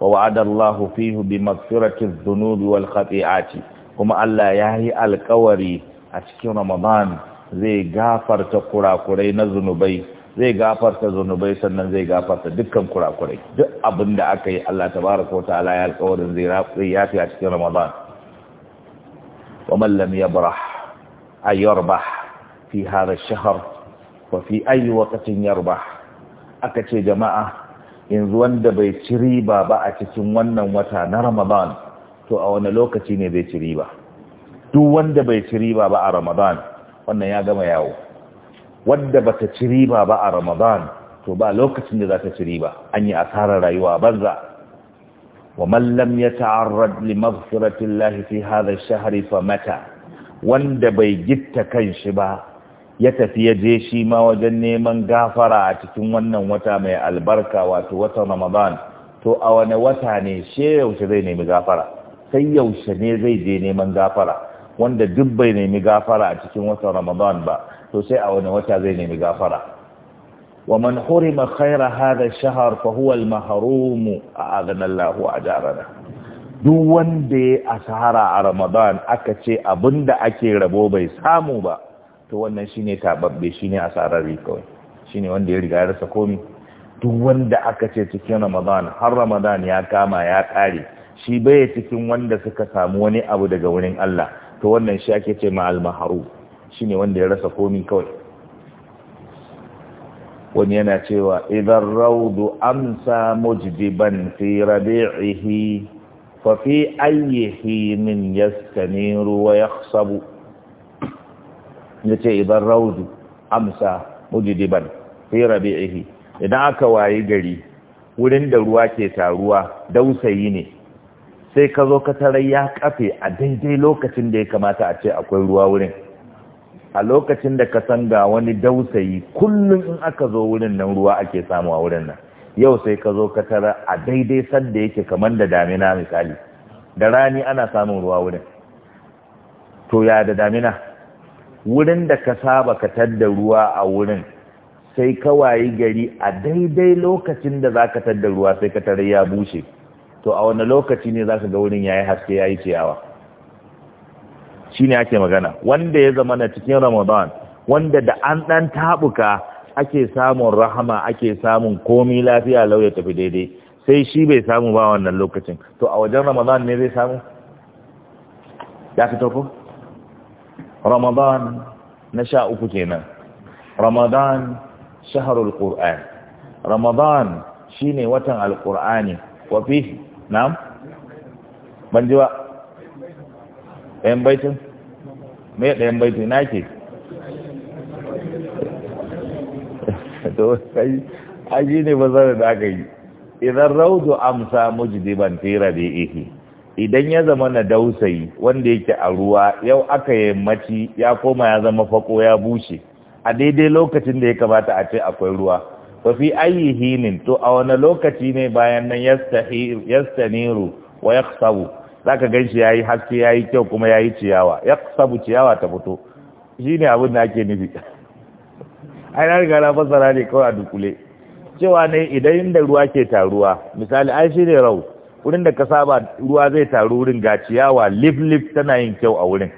wa wa'ada Allah fihi bi maghfirati dhunubi wal khati'ati kuma Allah ya yi alkawari a cikin ramadan zai gafarta kurakurai na zunubai zai gafarta zunubai sannan zai gafarta dukkan kurakurai duk abin da aka yi Allah tabaraka wa ta'ala ya alƙawarin zai yafi a cikin Ramadan wa man lam yabrah ay yarbah fi hada shahar shahr wa fi ayi waqtin yarbah aka ce jama'a yanzu wanda bai ci riba ba a cikin wannan wata na Ramadan to a wani lokaci ne bai ci riba duk wanda bai ci riba ba a Ramadan wannan ya gama yawo wadda bata ci riba ba a ramadan to ba lokacin da za ta ci riba an yi asarar rayuwa banza wa Mallam ya yata'arrad li maghfiratillahi fi hada ash fa mata wanda bai gitta kanshi ba ya tafi ya je shi ma wajen neman gafara a cikin wannan wata mai albarka wato watan ramadan to a wani wata ne she yaushe zai nemi gafara sai yaushe ne zai je neman gafara wanda duk bai nemi gafara a cikin watan ramadan ba to sai a wani wata zai nemi gafara wa man hurima khaira hadha ash-shahr fa huwa al-mahrum a'adana Allah ajarana duk wanda ya asara a Ramadan aka ce abinda ake rabo bai samu ba to wannan shine tababbe shine asararri kawai shine wanda ya riga ya rasa komai duk wanda aka ce cikin Ramadan har Ramadan ya kama ya kare shi bai cikin wanda suka samu wani abu daga wurin Allah to wannan shi ake ce ma al-mahrum ne wanda ya rasa komi kawai wani yana cewa idan raudu amsa mujdiban fi rabi'ihi fa fi ayyi ruwa ya wa Ya yace idan raudu amsa mujdiban fi rabi'ihi idan aka wayi gari wurin da ruwa ke taruwa dausayi ne sai ka zo ka tarar ya kafe a daidai lokacin da ya kamata a ce akwai ruwa wurin a lokacin da ka san ga wani dausayi kullum in aka zo wurin nan ruwa ake samu a wurin nan yau sai ka zo ka tara a daidai sanda yake kamar da damina misali da rani ana samun ruwa wurin to ya da damina wurin da ka saba ka tadda ruwa a wurin sai wayi gari a daidai lokacin da za ka tadda ruwa sai ka tara ya bushe to a wani lokaci ne za ka ga wurin ya yi haske ya yi ciyawa ne ake magana wanda ya zama na cikin ramadan wanda da an dan tabuka ake samun rahama ake samun komi lafiya lau ya tafi daidai sai shi bai samu ba wannan lokacin to a wajen ramadan ne zai samu ya fito ko ramadan na sha uku kenan ramadan shaharul qur'an ramadan ne watan alqur'ani wa fi ban ji ba ɗayan baitin me ɗayan baitin na ke to kai aji ne ba zara da aka yi idan raudu amsa mujdiban da rabi'ihi idan ya zama na dausayi wanda yake a ruwa yau aka yammaci ya koma ya zama fako ya bushe a daidai lokacin da ya kamata a ce akwai ruwa fa fi ayi hinin to a wani lokaci ne bayan nan yastaniru wa sabu. zaka gan shi yayi haske yayi kyau kuma yayi ciyawa ya sabu ciyawa ta fito shine abin da ake nufi ai na riga na fasara ne kawai a dukule cewa ne idan inda ruwa ke taruwa misali ai shine rau wurin da ka saba ruwa zai taru wurin ga ciyawa lif lif tana yin kyau a wurin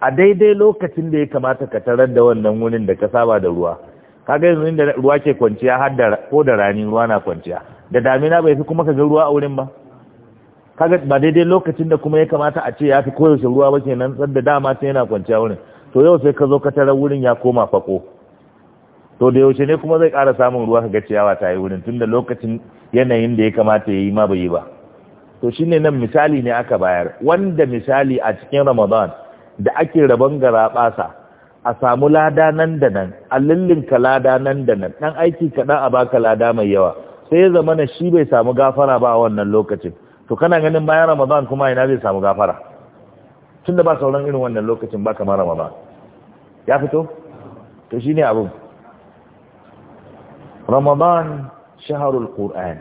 a daidai lokacin da ya kamata ka tarar da wannan wurin da ka saba da ruwa kaga yanzu inda ruwa ke kwanciya har da ko da rani ruwa na kwanciya da damina bai fi kuma ka ga ruwa a wurin ba kaga ba daidai lokacin da kuma ya kamata a ce ya fi koyaushe ruwa ba kenan nan, da dama sai yana kwanciya wurin to yau sai ka zo ka tarar wurin ya koma fako to da yaushe ne kuma zai ƙara samun ruwa ka ga ciyawa ta yi wurin tunda lokacin yanayin da ya kamata ya yi ma bai yi ba to shine nan misali ne aka bayar wanda misali a cikin ramadan da ake rabon gara basa a samu lada nan da nan a lullinka lada nan da nan ɗan aiki kaɗan a baka lada mai yawa sai ya zama na shi bai samu gafara ba a wannan lokacin to kana ganin bayan ramadan kuma ina zai samu gafara tunda ba sauran irin wannan lokacin ba kamar ramadan ya fito to ne abin. ramadan shaharul qur'an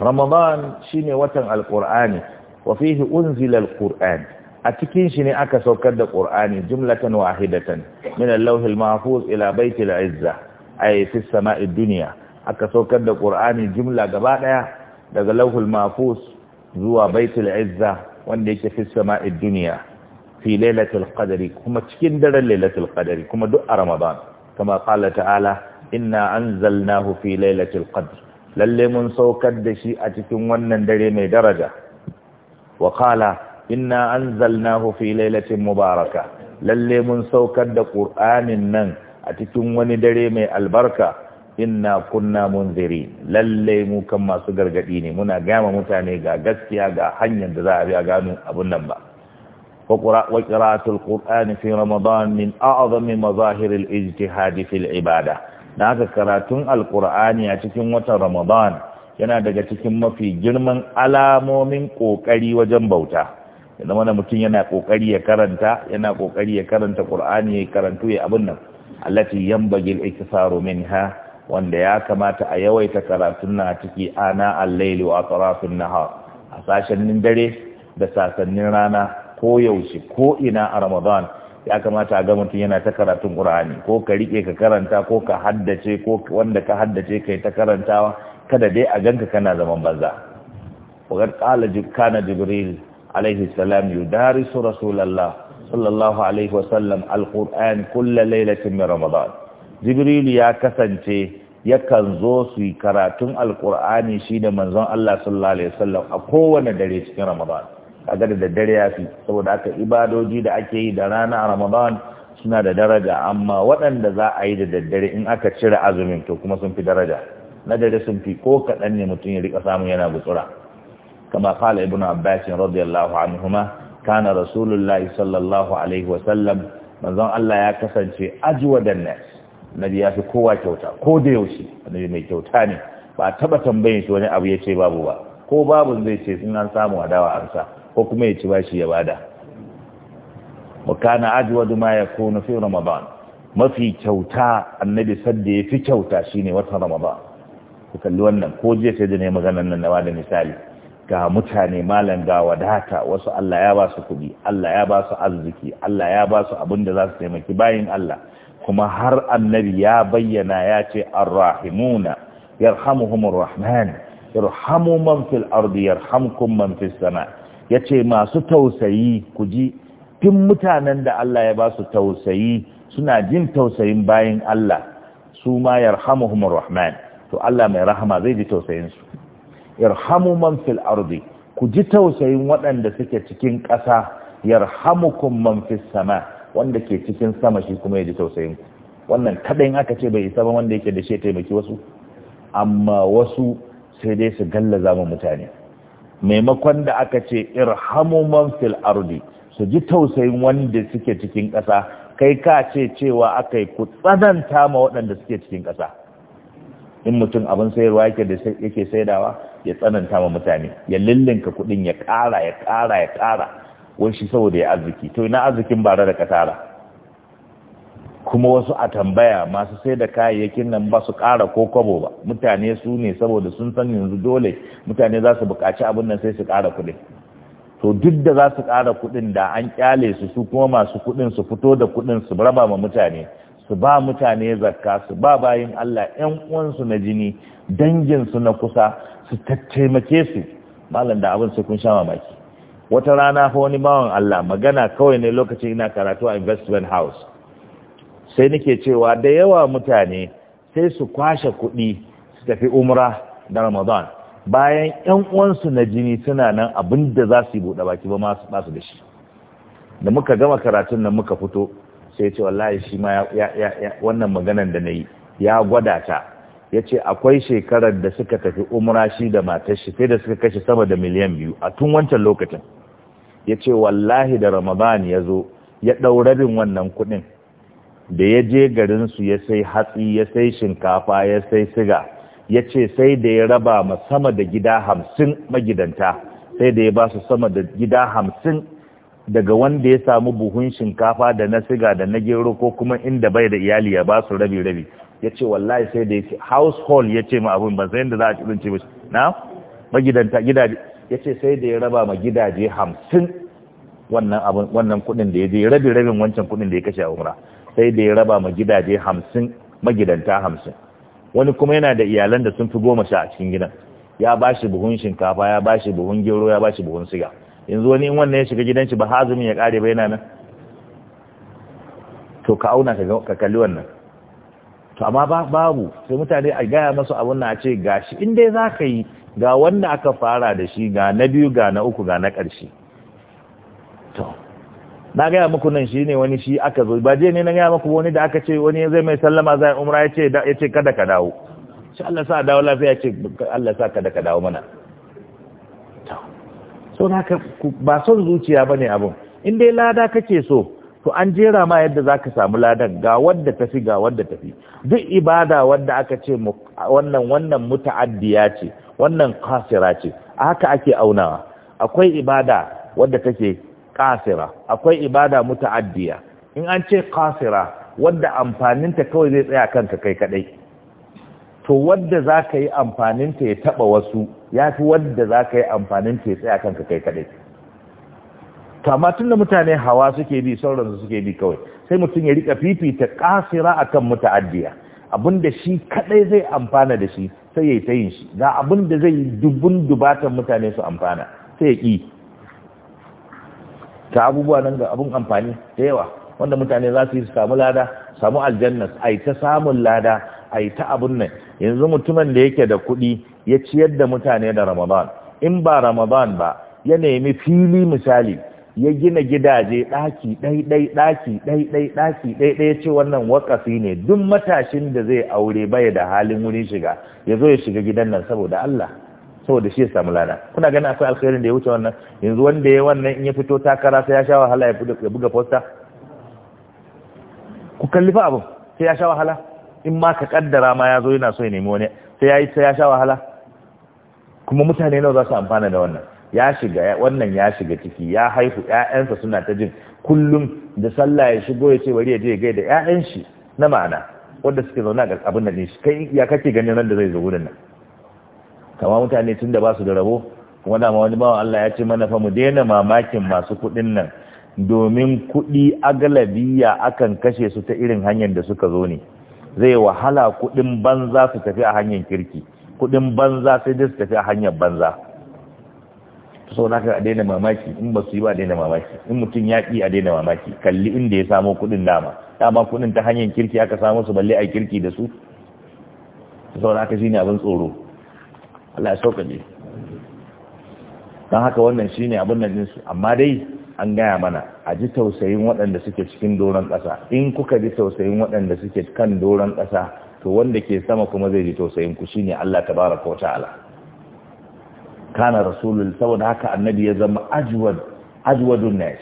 ramadan shine watan alqur'ani wafihi fihi ƙur'an a cikin shi ne aka saukar da ƙur'ani jumlatan wahidatan min lauhin lawh mahfuz ila bayt al-izza fi samai ad aka saukar da ƙur'ani jumla gaba ɗaya daga lauhin mahfuz zuwa baitul izza wanda yake fi sama'id duniya fi lailatul qadri kuma cikin daren lailatul qadri kuma duk a ramadan kama qala ta'ala inna anzalnahu fi lailatul qadr lalle mun saukar da shi a cikin wannan dare mai daraja wa qala inna anzalnahu fi lailatin mubaraka lalle mun saukar da qur'anin nan a cikin wani dare mai albarka inna kunna munziri lalle mu kan masu gargadi ne muna gama mutane ga gaskiya ga hanyar da za a bi a gano abun nan ba ramadan min a'zami في رمضان من أعظم مظاهر الاجتهاد في العبادة ناك كراتون a cikin watan Ramadan, yana daga cikin mafi girman alamomin kokari wajen bauta idan wani mutum yana kokari ya karanta yana kokari ya karanta qur'ani ya karantu ya abun nan allati yanbaghi al-iktisaru minha wanda ya kamata a yawaita karatun na ciki ana al-laili wa atrafin nahar a sashennin dare da sasannin rana ko yaushe ko ina a Ramadan ya kamata a ga mutum yana ta karatun Qur'ani ko ka rike ka karanta ko ka haddace ko wanda ka haddace kai ta karantawa kada dai a ganka kana zaman banza wakar qala kana jibril alaihi salam yudarisu rasulullah sallallahu alaihi wasallam alquran kull lailatin min ramadan jibrilu ya kasance yakan zo su yi karatun alkur'ani shi da manzon Allah sallallahu alaihi wasallam a kowane dare cikin ramadan kaga da daddare ya fi saboda aka ibadoji da ake yi da rana a ramadan suna da daraja amma waɗanda za a yi da daddare in aka cire azumin to kuma sun fi daraja na dare sun fi ko kaɗan ne mutum ya rika samu yana gutsura kama kala ibnu abbas radiyallahu ma kana rasulullahi sallallahu alaihi wasallam manzon Allah ya kasance ajwadan nas annabi ya fi kowa kyauta ko da yaushe annabi mai kyauta ne ba a taba tambayin shi wani abu ya ce babu ba ko babu zai ce sun an samu adawa amsa ko kuma ya ci ba shi ya bada wa kana ajwadu ko na fi ramadan mafi kyauta annabi sadda ya fi kyauta shine wata ramadan ku kalli wannan ko jiya sai da ne maganar nan na bada misali ga mutane malam ga wadata wasu Allah ya ba su kuɗi Allah ya ba su arziki Allah ya ba su abin da za su taimaki bayin Allah kuma har annabi ya bayyana ya ce arrahimuna yarhamuhumur rahman irhamu man fil ardi yarhamkum man fis sama yace masu tausayi kuji tun mutanen da Allah ya ba su tausayi suna jin tausayin bayin Allah su ma yarhamuhumur rahman to Allah mai rahama zai ji tausayin su irhamu man fil ardi ku tausayin waɗanda suke cikin ƙasa yarhamukum man fis sama wanda ke cikin sama shi kuma ya ji tausayin ku wannan kaɗai aka ce bai isa ba wanda yake da shi ya taimaki wasu amma wasu sai dai su gallaza mu mutane maimakon da aka ce irhamu man fil ardi su ji tausayin wanda suke cikin ƙasa kai ka ce cewa aka ku tsananta ma waɗanda suke cikin ƙasa in mutum abin sayarwa yake da yake saidawa ya tsananta ma mutane ya lillinka kuɗin ya ƙara ya ƙara ya ƙara wai shi saboda ya arziki to ina arzikin bara da katara kuma wasu a tambaya masu sai da kayayyakin nan ba su ƙara ko kwabo ba mutane su ne saboda sun san yanzu dole mutane za su buƙaci abin nan sai su ƙara kuɗi to duk da za su ƙara kuɗin da an ƙyale su su kuma masu kuɗin su fito da kuɗin su raba ma mutane su ba mutane zakka su ba bayin Allah ƴan uwansu na jini dangin su na kusa su tattaimake su malam da abin sai kun sha mamaki wata rana fa wani bawan Allah magana kawai ne lokacin ina karatu a investment house sai nake cewa da yawa mutane sai su kwashe kuɗi su tafi umra da ramadan bayan ƴan uwansu na jini suna nan abin da za su yi buɗe baki ba ma su ba da shi da muka gama karatun nan muka fito sai ce wallahi shi ma wannan maganar da nayi ya gwada ta ya ce akwai shekarar da suka tafi umra shi da matar shi da suka kashe sama da miliyan biyu a tun wancan lokacin ya ce wallahi da ramadan ya zo ya ɗau rabin wannan kuɗin da ya je garinsu ya sai hatsi ya sai shinkafa ya sai siga ya ce sai da ya raba ma sama da gida hamsin magidanta sai da ya ba su sama da gida hamsin daga wanda ya samu buhun shinkafa da na siga da na gero ko kuma inda bai da iyali ya ba su rabi-rabi ya ce wallahi sai da ya ce household ya ce ma abin ba sai da za a ci zance na magidanta gida ya ce sai da ya raba ma gidaje hamsin wannan kudin da ya je rabin rabin wancan kudin da ya kashe a umra sai da ya raba ma gidaje hamsin magidanta hamsin wani kuma yana da iyalan da sun fi goma sha a cikin gidan ya ba shi buhun shinkafa ya ba shi buhun gero ya ba shi buhun siga yanzu wani in wannan ya shiga gidan shi ba hazumin ya kare ba yana nan to ka auna ka kalli wannan to amma babu sai mutane a gaya masu abun na ce gashi in dai za ka yi ga wanda aka fara da shi ga na biyu ga na uku ga na ƙarshe to na gaya muku nan shi ne wani shi aka zo ba je ne na gaya muku wani da aka ce wani zai mai sallama zai umra ya ce ya ce kada ka dawo shi Allah sa dawo lafiya ce Allah sa kada ka dawo mana to so na ka ba son zuciya bane abun in dai lada kake so to an jera ma yadda za ka samu ladan ga wanda tafi ga wanda tafi duk ibada wanda aka ce wannan wannan muta'addiya ce wannan kasira ce haka ake aunawa akwai ibada wadda take kasira akwai ibada muta'addiya in an ce kasira wadda amfaninta kawai zai tsaya kanka kai kadai to wadda za ka yi amfaninta ya taba wasu ya fi wadda za ka yi amfaninta ya tsaya kanka kai kadai to amma tunda mutane hawa suke bi sauransu suke bi kawai sai mutum ya rika fifita kasira akan muta'addiya abinda shi kadai zai amfana da shi sai ya yi ta yin shi ga abin da zai dubun dubatan mutane su amfana sai ya ƙi ta abubuwa nan ga abin amfani da yawa wanda mutane za su yi su samu lada samu aljannas a yi ta samun lada a yi ta abin nan yanzu mutumin da yake da kuɗi ya ciyar da mutane da ramadan in ba ramadan ba ya nemi fili misali ya gina gidaje ɗaki ɗaiɗai ɗaki ɗaiɗai ɗaki ɗaiɗai ce wannan wakafi ne duk matashin da zai aure baya da halin wurin shiga ya zo ya shiga gidan nan saboda Allah saboda shi ya samu lada kuna ganin akwai alkhairin da ya wuce wannan yanzu wanda ya wannan in ya fito takara sai ya sha wahala ya buga posta ku kalli fa abu sai ya sha wahala in ma ka kaddara ma ya zo yana so ya nemi wani sai ya sai ya sha wahala kuma mutane nawa za su amfana da wannan ya shiga wannan ya shiga ciki ya haihu ƴaƴansa suna ta jin kullum da sallah ya shigo ya ce bari ya je gai da ƴaƴan shi na ma'ana wanda suke zauna ga abin da shi kai ya kake ganin nan da zai zo wurin nan kama mutane tun da ba su da rabo kuma ma wani bawa Allah ya ce mana fa mu daina mamakin masu kuɗin nan domin kuɗi agalabiya akan kashe su ta irin hanyar da suka zo ne zai wahala kuɗin banza su tafi a hanyar kirki kuɗin banza sai dai su tafi a hanyar banza so haka ka daina mamaki in ba su yi ba a daina mamaki in mutum ya ki a daina mamaki kalli inda ya samo kuɗin dama dama kuɗin ta hanyar kirki aka samu su balle a kirki da su so haka shi shine abin tsoro Allah ya sauka ne don haka wannan shine abin nan su amma dai an gaya mana a ji tausayin waɗanda suke cikin doron ƙasa in kuka ji tausayin waɗanda suke kan doron ƙasa to wanda ke sama kuma zai ji tausayin ku shine Allah tabaraka wa ta'ala kana rasulul saboda haka annabi ya zama ajwad ajwadun nas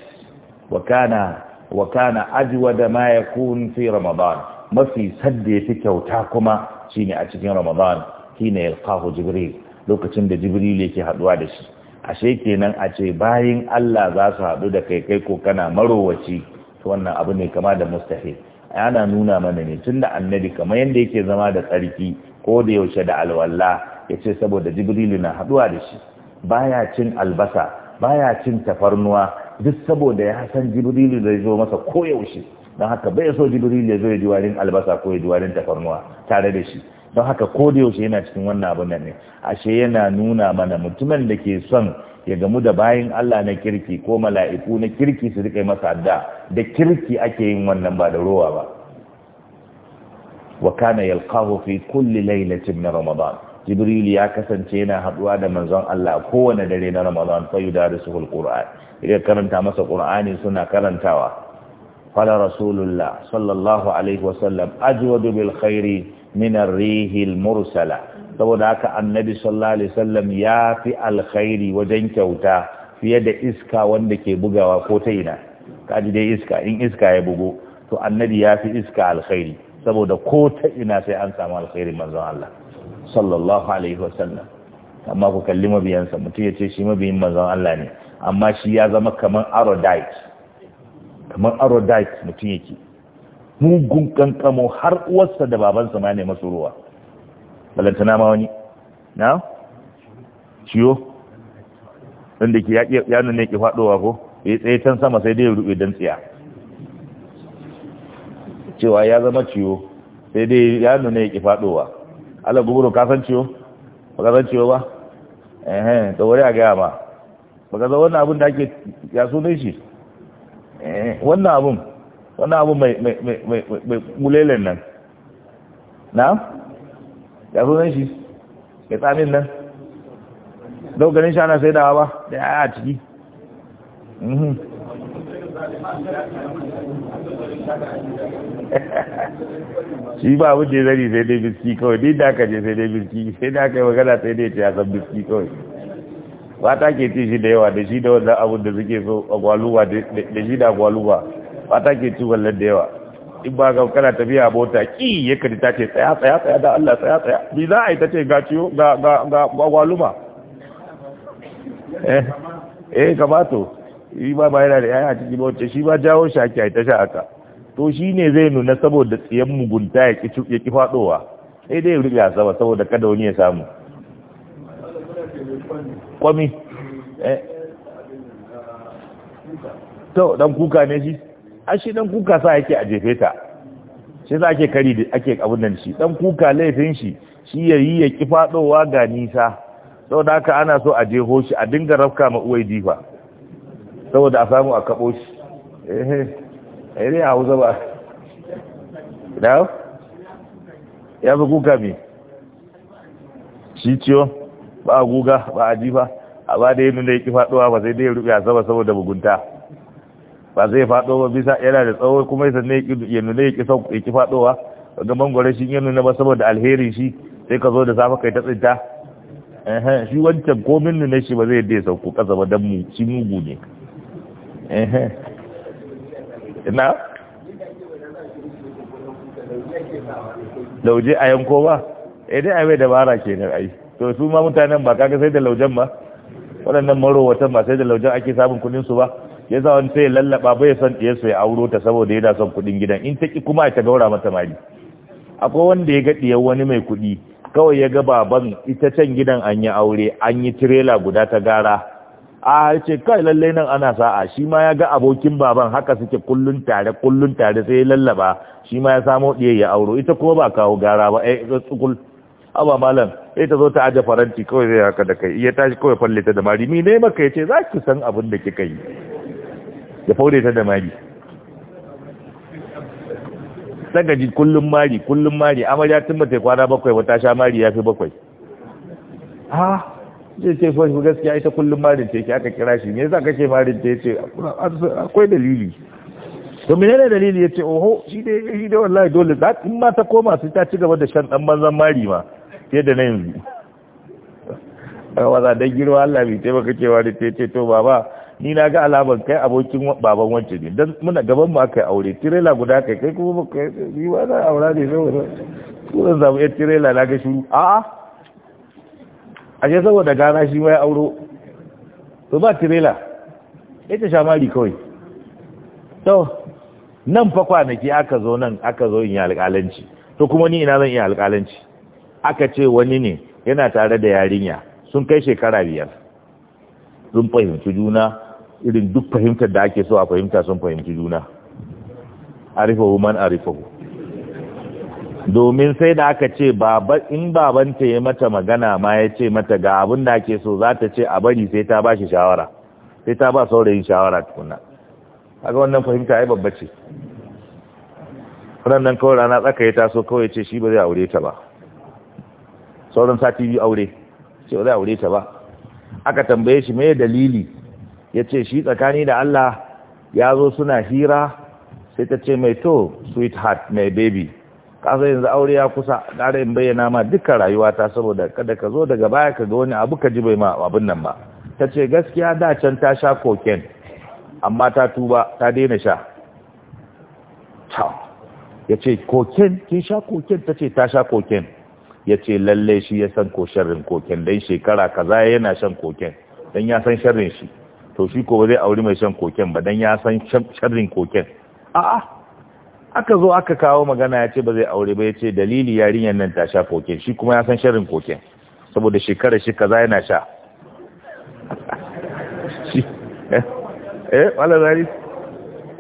wa kana wa kana ajwada ma yakun fi ramadan mafi sadda yafi kyauta kuma shine a cikin ramadan shine yalqahu jibril lokacin da jibril yake haduwa da shi ashe kenan a ce bayin Allah za su haɗu da kai kai ko kana marowaci to wannan abu ne kama da mustahil ana nuna mana ne tunda annabi kamar yanda yake zama da tsarki ko da yaushe da alwala Ya ce saboda jibrilu na haduwa da shi baya cin albasa baya cin tafarnuwa duk saboda ya san jibrilu zai zo masa koyaushe don haka bai so jibrilu ya zo ya ji albasa ko ya ji tafarnuwa tare da shi don haka ko da yaushe yana cikin wannan abun nan ne ashe yana nuna mana mutumin da ke son ya gamu da bayan Allah na kirki ko mala'iku na kirki su rika masa adda da kirki ake yin wannan ba da rowa ba wa kana yalqahu fi kulli lailatin min ramadan jibril ya kasance yana haduwa da manzon Allah kowane dare na ramadan fa yudarisuhul qur'an idan karanta masa qur'ani suna karantawa qala rasulullah sallallahu alaihi sallam ajwadu bil khairi min ar-rihil mursala saboda haka annabi sallallahu alaihi wasallam ya fi alkhairi wajen kyauta fiye da iska wanda ke bugawa ko ta ina kaji dai iska in iska ya bugo to annabi ya fi iska alkhairi saboda ko ta ina sai an samu alkhairi manzon Allah sallallahu alaihi wasallam amma ku kalli mabiyansa mutum ya ce shi mabiyin manzon Allah ne amma shi ya zama kamar arodite kamar arodite mutum yake mugun kankamo har uwarsa da babansa ma ne masu ruwa balantana ma wani na Ciyo? Wanda da ke ya nuna ke faɗowa ko ya tsaye can sama sai dai rube don tsiya cewa ya zama ciwo sai dai ya nuna ya ke faɗowa ala guburo kasancewa ba kasancewa ba ehem da wuri a gaya ba ba ka wannan abin da ake ya sunan shi wannan abin wannan abin mai mulelen nan na ya sunan shi ya tsamin nan don ganin shi ana sai dawa ba da ya a ciki mhm shi ba wuce zari sai dai biski kawai duk da aka je sai dai biski sai da aka yi magana sai dai ce a san biski kawai ta ke ci shi da yawa da shi da wanda abu da suke so a gwaluwa da shi da gwaluwa ta ke ci wallan da yawa in ba ga kana tafiya a bauta ki ya kadi ta ce tsaya tsaya tsaya da Allah tsaya tsaya bi za a yi ta ce ga ciwo ga gwaluma eh, eh kamato shi ba ba yana da yaya cikin mota shi ba jawo shi ake ta sha to shi ne zai nuna saboda tsayen mugunta ya ƙi faɗowa sai dai riƙe a sama saboda kada wani ya samu kwami eh. to dan kuka ne shi an shi dan kuka sa yake a jefe ta shi za ake kari da ake abin shi dan kuka laifin shi shi ya yi ya ƙi faɗowa ga nisa saboda haka ana so a jeho shi a dinga rafka ma uwai difa saboda a samu a kaɓo shi eh, eh. Eh, a dai hausa ba da ya fi kuka bi. shi ba a guga ba a jifa, a ba da yin da ya ki faɗowa ba sai dai rufe a sama saboda bugunta ba zai faɗo ba bisa yana da tsawo kuma yasa ne ya nuna ya ki faɗowa ga mangwara shi ya nuna ba saboda alherin shi sai ka zo da safa kai ta tsinta shi wancan komin nuna shi ba zai dai sauku, ƙasa ba don mu shi mugu ne ina lauje a yanko ba idan eh, dai ai dabara kenan ai to su ma mutanen ba kaga sai da laujen ba waɗannan marowatan ba sai da laujen ake samun kudin su ba ya sa wani sai ya lallaba bai son ɗaya su ya auro ta saboda yana son kudin gidan in ta ki kuma ta gaura mata mali akwai wanda ya ga ɗiyar wani mai kuɗi kawai ya ga baban ita can gidan an yi aure an yi tirela guda ta gara a ce kai lalle nan ana sa'a shi ma ya ga abokin baban haka suke kullun tare kullun tare sai lallaba shi ma ya samo diye ya auro ita kuma ba kawo gara ba eh tsukul aba malam eh ta zo ta aje faranti kawai zai haka da kai iya tashi kawai falle ta da mari mi ne maka yace za ki san abin da kika yi ya faure ta da mari daga ji kullum mari kullum mari amarya tun ba kwana bakwai ba ta sha mari ya fi bakwai ah zai ce fa gaskiya ita kullum marin ce aka kira shi ne za ka ce marin ce ce akwai dalili to ne dalili ya ce oho shi dai shi dai wallahi dole za in ma ta koma su ta ci gaba da shan dan banzan mari ma fiye da na yanzu waza dan girma Allah bai taimaka cewa da ce ce to baba ni na ga alaman kai abokin baban wancan ne dan muna gaban mu aka aure tirela guda kai kai kuma ba kai ni ba na aura ne saboda ko zan zama yar tirela na ga shiru a'a ashe saboda gana shi ma auro to ba tirela ita shamari kawai to nan fa kwanaki aka zo nan aka zo in yi alƙalanci to kuma ni ina zan yi alƙalanci aka ce wani ne yana tare da yarinya sun kai shekara biyar sun fahimci juna irin duk fahimtar da ake so a fahimta sun fahimci juna arifahu man arifahu domin sai da aka ce in babanta ya mata magana ma ya ce mata ga abin da ake so za ta ce a bari sai ta ba shi shawara sai ta ba saurayin shawara tukuna ga wannan fahimta ai babba ce wannan kawai rana tsaka ya taso kawai ce shi ba zai aure ta ba sauran sati biyu aure ce ba zai aure ta ba aka tambaye shi mai dalili ya ce shi tsakani da Allah ya zo suna hira sai ta ce mai to sweetheart mai baby kasa yanzu aure ya kusa ƙara in bayyana ma rayuwa rayuwata saboda kada ka zo daga baya ka ga wani abu ka ji bai ma abin nan ba ta ce gaskiya da can ta sha koken amma ta tuba ta daina sha ya ce koken kin sha koken ta ce ta sha koken ya ce lalle shi ya san ko sharrin koken dan shekara kaza yana shan koken dan ya san sharrin shi to shi ko ba zai auri mai shan koken ba dan ya san sharrin koken a'a aka zo aka kawo magana ya ce ba zai aure ba ya ce dalili yarinyar nan ta sha koken shi kuma ya san shirin koken saboda shekara shi kaza yana sha eh wala eh, zari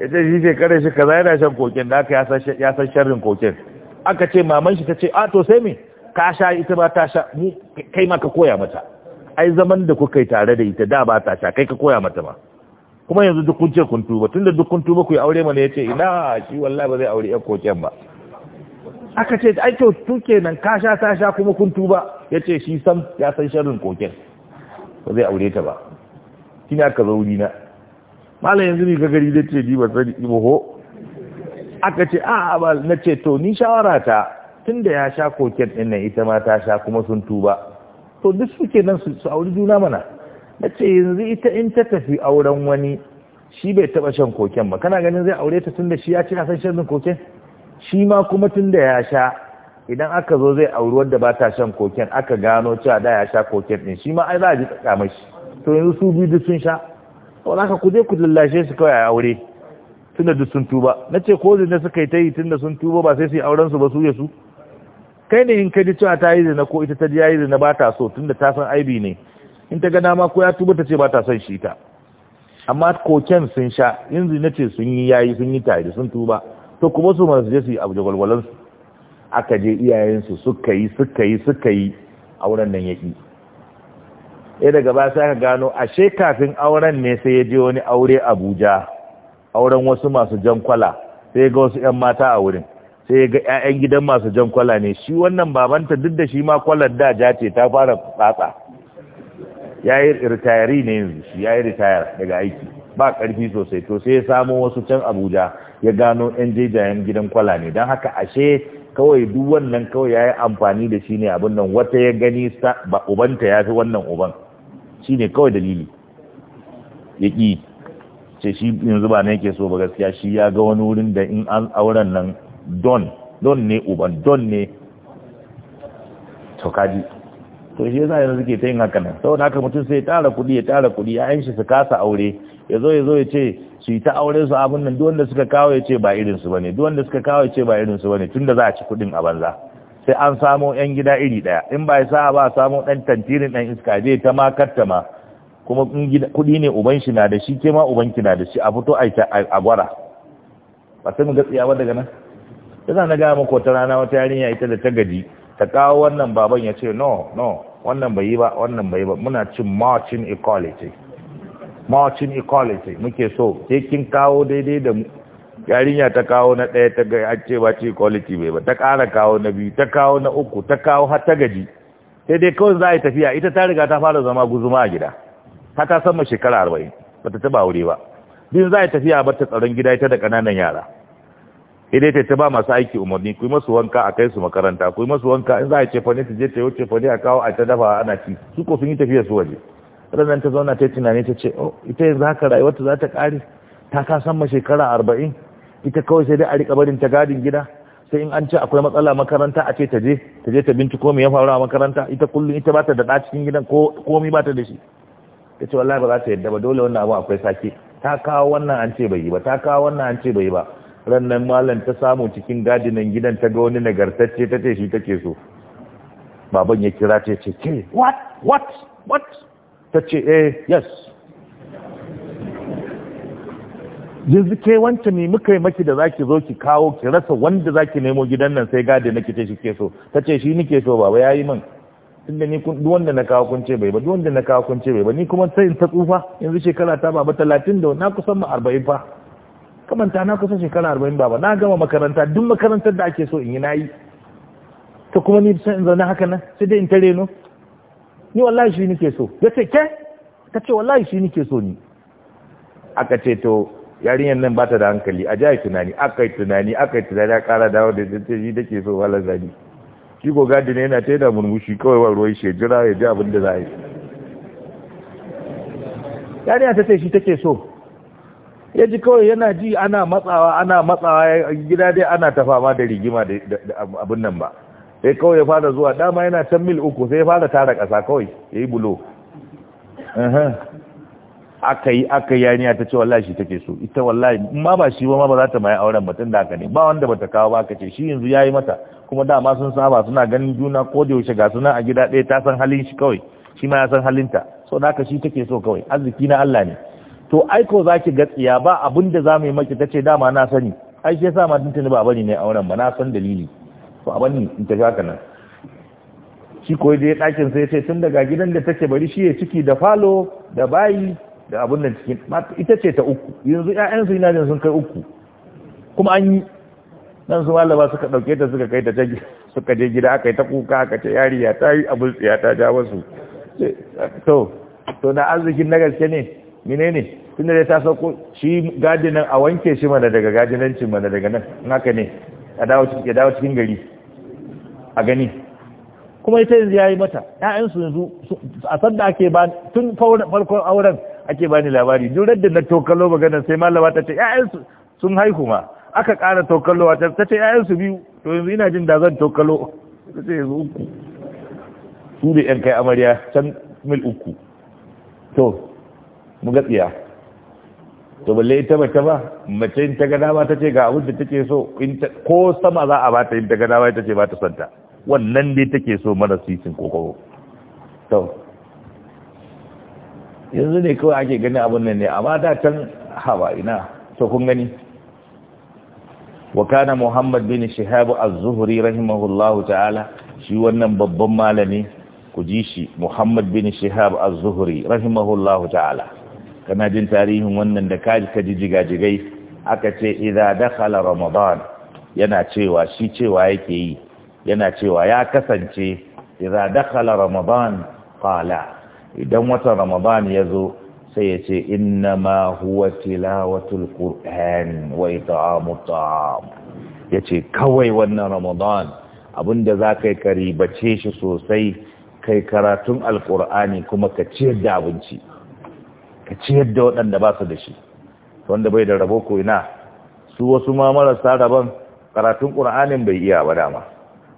ya ce shi shekara shi kaza yana shan koken da aka ya san shirin koken aka ce maman shi ta ce a ah, to sai me ka sha ita ba ta sha kai ma ka koya mata ai zaman da kuka yi tare da ita da ba ta sha kai ka koya mata ma. kuma yanzu duk kun ce kun tuba tunda duk kun tuba ku yi aure mana ya ce ina shi wallahi ba zai aure ya koken ba aka ce ai to tuke nan ka sha ta sha kuma kun tuba yace shi sam ya san sharrin koken ba zai aure ta ba kina aka zo na malam yanzu ni ga gari da ce ni ba sani ho aka ce a ba na ce to ni shawara ta tunda ya sha koken din nan ita ma ta sha kuma sun tuba to duk suke nan su auri juna mana na ce yanzu ita in ta tafi auren wani shi bai taba shan koken ba kana ganin zai aure ta tun da shi ya ci a san shan koken shi ma kuma tun da ya sha idan aka zo zai auri wadda ba ta shan koken aka gano cewa da ya sha koken din shi ma ai za a ji tsaka mashi to yanzu su biyu duk sun sha to za ka kuje ku lallashe su kawai a aure tunda duk sun tuba na ce ko zina suka yi ta yi tunda sun tuba ba sai su yi auren su ba su ya su kai ne in ka ji cewa ta yi zina ko ita ta ji ya yi zina ba ta so tunda ta san aibi ne in ta ga dama ko ya tuba ta ce ba ta son shi ta amma koken sun sha yanzu na ce sun yi yayi sun yi tare sun tuba to kuma su masu je su yi abu jagwalgwalansu aka je iyayensu suka yi suka yi suka yi auren nan yaƙi ya eh, daga ba sai aka gano ashe kafin auren ne sai ya je wani aure abuja auren wasu masu jan kwala sai ga wasu 'yan mata a wurin sai ya ga 'ya'yan gidan masu jan kwala ne shi wannan babanta duk da shi ma kwalar da ja ce ta fara tsatsa ya yi ritayari ne yanzu shi ya yi ritayar daga aiki ba karfi sosai to sai ya samo wasu can abuja ya gano yan jejayen gidan kwala ne don haka ashe kawai duk wannan kawai ya yi amfani da shi ne abin nan wata ya gani ba ubanta ya fi wannan uban shi ne kawai dalili ya ƙi ce shi yanzu ba na yake so ba gaskiya shi ya ga wani wurin da in an auren nan don don ne uban don ne to kaji to shi yasa yanzu ke ta yin haka nan saboda haka mutum sai ya tara kuɗi ya tara kuɗi ya shi su kasa aure ya zo ya zo ya ce su yi ta aure su abin nan duk wanda suka kawo ya ce ba irin su bane duk wanda suka kawo ya ce ba irin su bane tunda za a ci kuɗin a banza sai an samo yan gida iri ɗaya in ba ya sa ba a samo ɗan tantirin ɗan iska je ta ma katta ma kuma kuɗi ne uban shi na da shi ke ma uban ki na da shi a fito a gwara ba sai mu ga ba daga nan yasa na gaya muku wata rana wata yarinya ita da ta gaji ta kawo wannan baban ya ce no no wannan bai yi ba wannan bai yi ba muna cin marching equality marching equality muke so sai kin kawo daidai da yarinya ta kawo na ɗaya ta ga an ce ba ce equality bai ba ta ƙara kawo na biyu ta kawo na uku ta kawo har ta gaji sai dai kawai za a yi tafiya ita ta riga ta fara zama guzuma a gida ta ta sama shekara arba'in ba ta taɓa aure ba duk za a yi tafiya ba ta tsaron gida ita da ƙananan yara idai ta ba masu aiki umarni ku yi masu wanka a kai su makaranta ku yi masu wanka in za a ce fane ta je ta yi ce fane a kawo a ta dafa ana ci su ko sun yi tafiya su waje ranar ta zauna ta yi tunani ta ce oh ita yanzu haka ta za ta kare ta ka san ma shekara arba'in ita kawai sai dai a riƙa barin ta gadin gida sai in an ce akwai matsala makaranta a ce ta je ta je ta binciko me ya faru a makaranta ita kullum ita ba ta da cikin gidan ko komi ba ta da shi ta ce wallahi ba za ta yadda ba dole wannan abu akwai sake ta kawo wannan an ce bai yi ba ta kawo wannan an ce bai yi ba rannan malam ta samu cikin gadinan gidan ta ga wani nagartacce ta ce shi take so baban ya kira ta ce ke what what what ta ce eh yes yanzu ke wanta ne muka yi maki da zaki zo ki kawo ki rasa wanda zaki nemo gidan nan sai gadi na kice shi ke so ta ce shi nike so baba yayi min tunda ni duk wanda na kawo kun ce bai ba duk wanda na kawo kun ce bai ba ni kuma sai in ta tsufa yanzu shekara ta baba 30 da na kusan ma 40 fa kamanta na kusa shekara arba'in baba na gama makaranta duk makarantar da ake so in yi na yi ta kuma ni san in zaune haka nan sai dai in tare no ni wallahi shi nike so ya ce ke ta ce wallahi shi nike so ni aka ce to yarinyar nan bata da hankali a ji tunani aka yi tunani aka yi tunani a kara dawo da ta ce da ke so wala zani shi ko gadi ne yana taida murmushi kawai wa ruwan shi jira ya ji abin da za a yi yarinya ta ce shi take so ya ji kawai yana ji ana matsawa ana matsawa gida dai ana ta fama da rigima da abin nan ba sai kawai ya fara zuwa dama yana can mil uku sai ya fara tara ƙasa kawai ya yi bulo aka yi aka yi ta ce wallahi shi take so ita wallahi ma ba shi ba ma ba za ta mai auren mutum da aka ne ba wanda bata kawo ba ka ce shi yanzu ya yi mata kuma dama sun saba suna ganin juna ko da yaushe ga suna a gida ɗaya ta san halin shi kawai shi ma ya san halinta so da aka shi take so kawai arziki na Allah ne to aiko za ki gatsiya ba abin da za mu yi maki ta ce dama na sani ai shi yasa ma tuntuni ba bari ne auren ba na san dalili to a bani in tafi haka nan shi ko je ɗakin sai ce tun daga gidan da take bari shi ya ciki da falo da bayi da abin da cikin ita ce ta uku yanzu ƴaƴansu ina jin sun kai uku kuma an yi nan su malama suka ɗauke ta suka kai ta suka je gida aka yi ta kuka aka ce yariya ta yi abin tsiya ta ja wasu to to na arzikin na gaske ne Mine ne tun dai ta sauko shi gadinan a wanke shi mana daga gadinancin mana daga nan naka ne a dawo ya dawo cikin gari a gani kuma ita yanzu yayi mata ƴaƴan su yanzu a sanda ake ba tun farkon auren ake bani labari duk da na tokalo maganar sai malama ta ce ƴaƴan su sun haihu ma aka ƙara tokalowa ta ce ƴaƴan su biyu to yanzu ina jin da zan tokalo ta ce yanzu uku su da ƴan kai amarya can mil uku to mu ga tsiya to balle ta mace ba mace in ta ga dama ta ce ga abin da take so in ta ko sama za a bata in ta ga dama ta ce ba ta santa wannan dai take so mara sisin kokoro to yanzu ne kawai ake gani abin nan ne amma da can hawa ina to kun gani wa kana muhammad bin shihab az-zuhri rahimahullahu ta'ala shi wannan babban malami ku ji shi muhammad bin shihab az-zuhri rahimahullahu ta'ala kana jin tarihin wannan da kaji kaji jigajigai aka ce idza dakhala ramadan yana cewa shi cewa yake yi yana cewa ya kasance idza dakhala ramadan qala idan watan ramadan ya zo sai ya ce inna ma huwa tilawatul qur'an wa it'amut ta'am yace kawai wannan ramadan abinda zakai karibace shi sosai kai karatun alqur'ani kuma ka ciyar da abinci ka ciyar da waɗanda ba su da shi wanda bai da rabo ko ina su wasu ma marasa rabon karatun ƙura'anin bai iya ba dama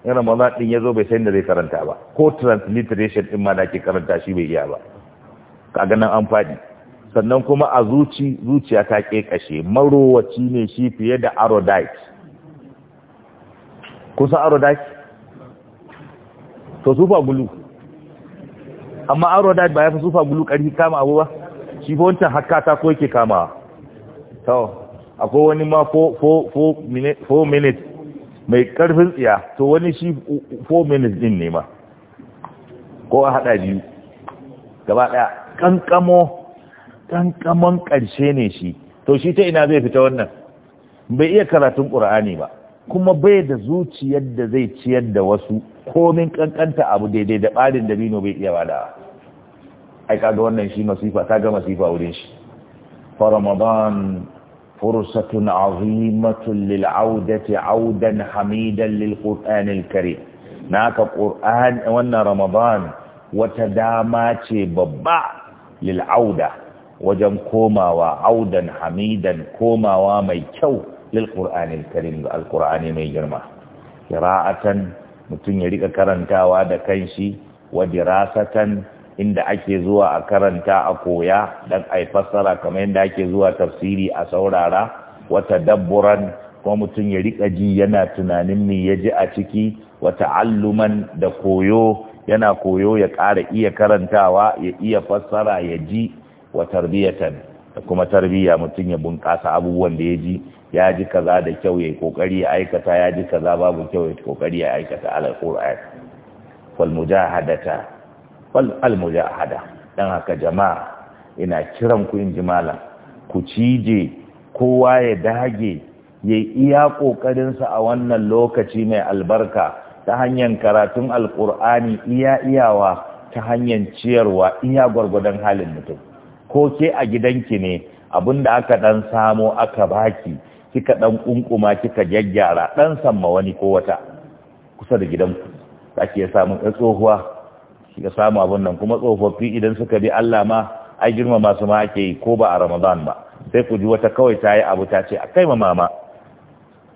in ramadan ɗin ya zo bai san da zai karanta ba ko transliteration ɗin ma da ke karanta shi bai iya ba ka ganin an faɗi sannan kuma a zuci zuciya ta kashe marowaci ne shi fiye da arodite kusa arodite to sufa gulu amma arodite ba ya fi sufa gulu ƙarfi kama abu ba shi ba wancan hakata ko yake kama to akwai wani ma 4 minutes mai karfin tsiya to wani shi 4 minutes din ne ma ko a hada biyu gaba daya kankamo kankamon karshe ne shi to shi ta ina zai fita wannan bai iya karatun Ƙur'ani ba kuma bai da zuciyar da zai ciyar da wasu komin kankanta abu daidai da ɓarin da bino bai iya ba da? ai kaga wannan shi masifa ta ga masifa wurin shi fa ramadan fursatun azimatun lil audati audan hamidan lil qur'anil karim naka qur'an wannan ramadan wata dama ce babba lil auda wajen komawa audan hamidan komawa mai kyau lil qur'anil karim ga alqur'ani mai girma qira'atan mutum ya rika karantawa da kanshi wa dirasatan inda ake zuwa a karanta a koya dan ai fassara kamar yadda ake zuwa tafsiri a saurara wata dabburan kuma mutum ya rika ji yana tunanin me ya ji a ciki wata alluman da koyo yana koyo ya ƙara iya karantawa ya iya fassara ya ji wa tarbiyatan da kuma tarbiyya mutum ya bunƙasa abubuwan da ya ji ya ji kaza da kyau ya kokari ya aikata ya ji kaza babu kyau ya kokari ya aikata alal qur'an wal mujahadata wal almujahada dan haka jama'a ina kiran ku in malam. ku cije kowa ya dage ya iya ƙoƙarinsa a wannan lokaci mai albarka ta hanyar karatun alkur'ani iya iyawa ta hanyar ciyarwa iya gwargwadon halin mutum ko ke a gidanki ne da aka dan samo aka baki kika ɗan kunkuma kika gyaggyara dan samma wani ko wata kusa da gidanku zaki ya samu tsohuwa ya samu abin nan kuma tsofaffi idan suka bi Allah ma a girmama su ma ake yi ko ba a Ramadan ba sai ku ji wata kawai ta yi abu ta ce a kai ma mama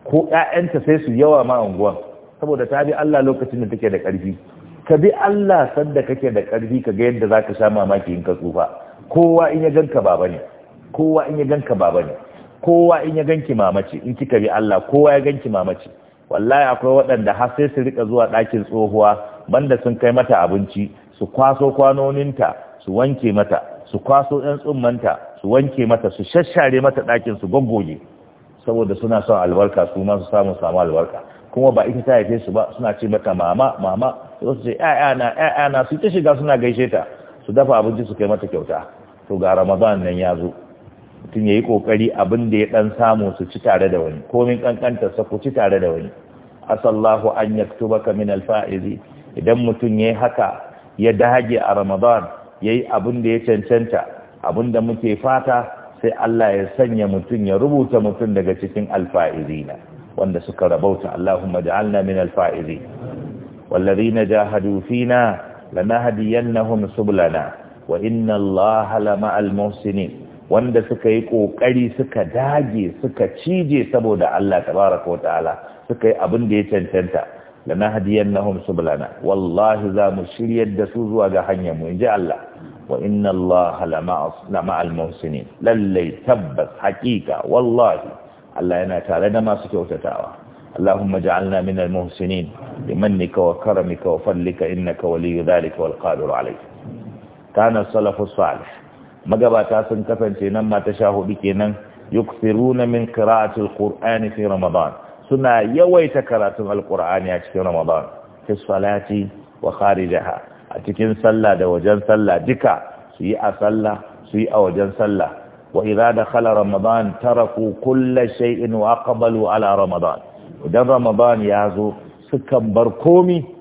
ko ƴaƴanta sai su yawa ma unguwan saboda ta bi Allah lokacin da take da ƙarfi ka bi Allah sanda kake da ƙarfi ka ga yadda zaka sha mamaki in ka tsufa kowa in ya ganka baba ne kowa in ya ganka baba ne kowa in ya ganki mamaci in kika bi Allah kowa ya ganki mamaci wallahi akwai waɗanda har sai su rika zuwa ɗakin tsohuwa banda sun kai mata abinci su kwaso kwanoninta su wanke mata su kwaso ɗan tsummanta su wanke mata su shashare mata ɗakin su goggoge saboda suna son albarka su ma su samu samu albarka kuma ba ita ta haife su ba suna ce mata mama mama su ce na, ƴaƴa na su ta shiga suna gaishe ta su dafa abinci su kai mata kyauta to ga ramadan nan ya zo mutum ya yi ƙoƙari abin da ya ɗan samu su ci tare da wani komin ƙanƙanta sa ku ci tare da wani asallahu an yaktubaka min alfa'izi idan mutum ya yi haka ya dage a ramadan ya yi abin da ya cancanta abin da muke fata sai Allah ya sanya mutum ya rubuta mutum daga cikin alfa'izina wanda suka rabauta Allahumma ja'alna min alfa'izi na jahadu fina lanahdiyannahum sublana wa inna Allaha lama al-muhsinin wanda suka yi ƙoƙari suka dage suka cije saboda Allah tabaraka wa ta'ala suka yi abin da ya cancanta da na hadiyar na homsu bulana wallahi za mu shiryar da su zuwa ga hanyar mu ji Allah wa inna Allah lama al-muhsinin lallai tabbas haƙiƙa wallahi Allah yana tare da masu kyautatawa اللهم اجعلنا من المحسنين بمنك وكرمك وفضلك إنك ولي ذلك والقادر عليه كان السلف الصالح magabata sun kasance nan mata sha hudu kenan yuksiruna min qira'atil qur'ani fi ramadan suna yawaita karatun alqur'ani a cikin ramadan fi salati wa kharijaha a cikin sallah da wajen sallah duka su yi a sallah su yi a wajen sallah wa idza dakhala ramadan taraku kulla shay'in wa aqbalu ala ramadan idan ramadan ya zo sukan bar komi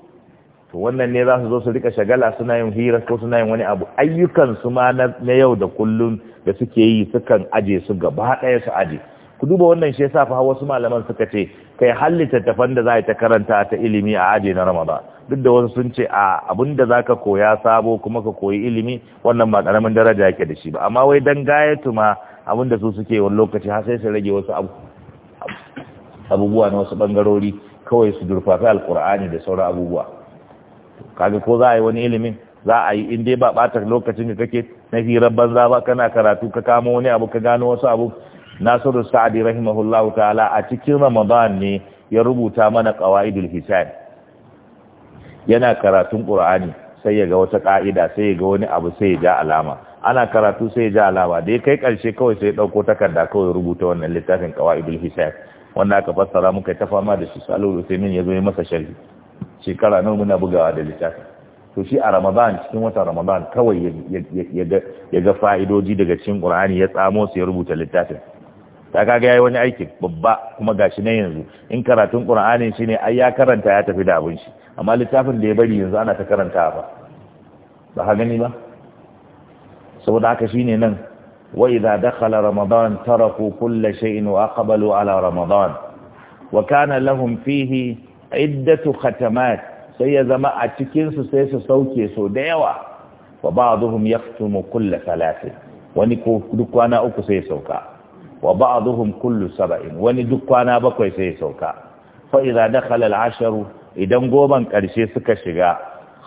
to wannan ne za su zo su rika shagala suna yin hira ko suna yin wani abu ayyukan su ma na yau da kullum da suke yi sukan aje su gaba ɗaya su aje ku duba wannan shi yasa fa wasu malaman suka ce kai halitta tafan da za ta karanta ta ilimi a aje na ba. duk da wasu sun ce a abin da ka koya sabo kuma ka koyi ilimi wannan ba karamin daraja yake da shi ba amma wai dan gayatu ma abin da su suke wani lokaci har sai su rage wasu abubuwa na wasu bangarori kawai su durfafi alkur'ani da sauran abubuwa kaga ko za a yi wani ilimin za a yi in dai ba ɓata lokacin da kake na hirar banza ba kana karatu ka kama wani abu ka gano wasu abu nasiru sa'adi rahimahullahu ta'ala a cikin ramadan ne ya rubuta mana qawaidul hisab yana karatun qur'ani sai ya ga wata ka'ida sai ya ga wani abu sai ya ja alama ana karatu sai ya ja alama da ya kai karshe kawai sai ya dauko takarda kawai rubuta wannan littafin qawaidul hisab wanda aka fassara muka ta fama da shi salulu sai ya yazo ya masa sharhi shekara nawa muna bugawa da littafin to shi a ramadan cikin watan ramadan kawai ya ga fa'idoji daga cikin qur'ani ya tsamo su ya rubuta littafin ta kaga yayi wani aiki babba kuma gashi na yanzu in karatun qur'anin shine ai ya karanta ya tafi da abun shi amma littafin da ya bari yanzu ana ta karanta ba ba ka gani ba saboda haka shine nan wa idza dakhala ramadan taraku kull shay'in wa aqbalu ala ramadan wa kana lahum fihi iddatu khatamat sai ya zama a cikinsu sai su sauke so da yawa wa ba'dhum yaktumu kull thalath wani ko duk kwana uku sai sauka wa ba'dhum kullu sab'in wani duk kwana bakwai sai sauka fa idza dakhala asharu idan goban karshe suka shiga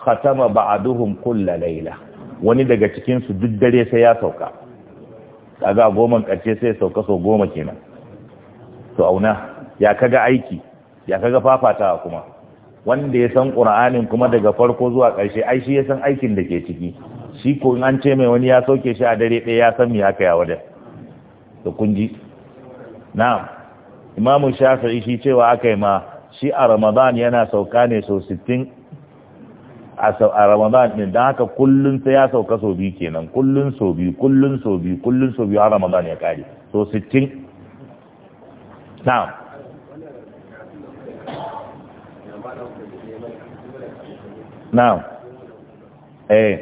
khatama ba'dhum kull layla wani daga cikin su duk dare sai ya sauka kaga goman karshe sai sauka so goma kenan to auna ya kaga aiki ya kaga fafatawa kuma wanda ya san qur'anin kuma daga farko zuwa ƙarshe ai shi ya san aikin da ke ciki shi ko in an ce mai wani ya sauke shi a dare ɗaya ya san me haka ya wada da kunji na'am imamu shafi'i shi cewa aka yi ma shi a ramadan yana sauka ne sau sittin a ramadan ne don haka kullum sai ya sauka sau biyu kenan kullum sau biyu kullum sau biyu kullum sau biyu a ramadan ya kare sau sittin na'am Now, eh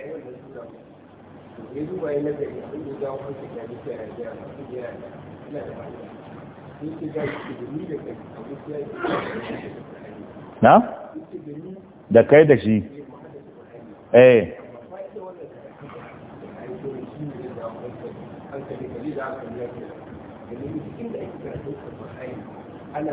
na da kai da shi eh ana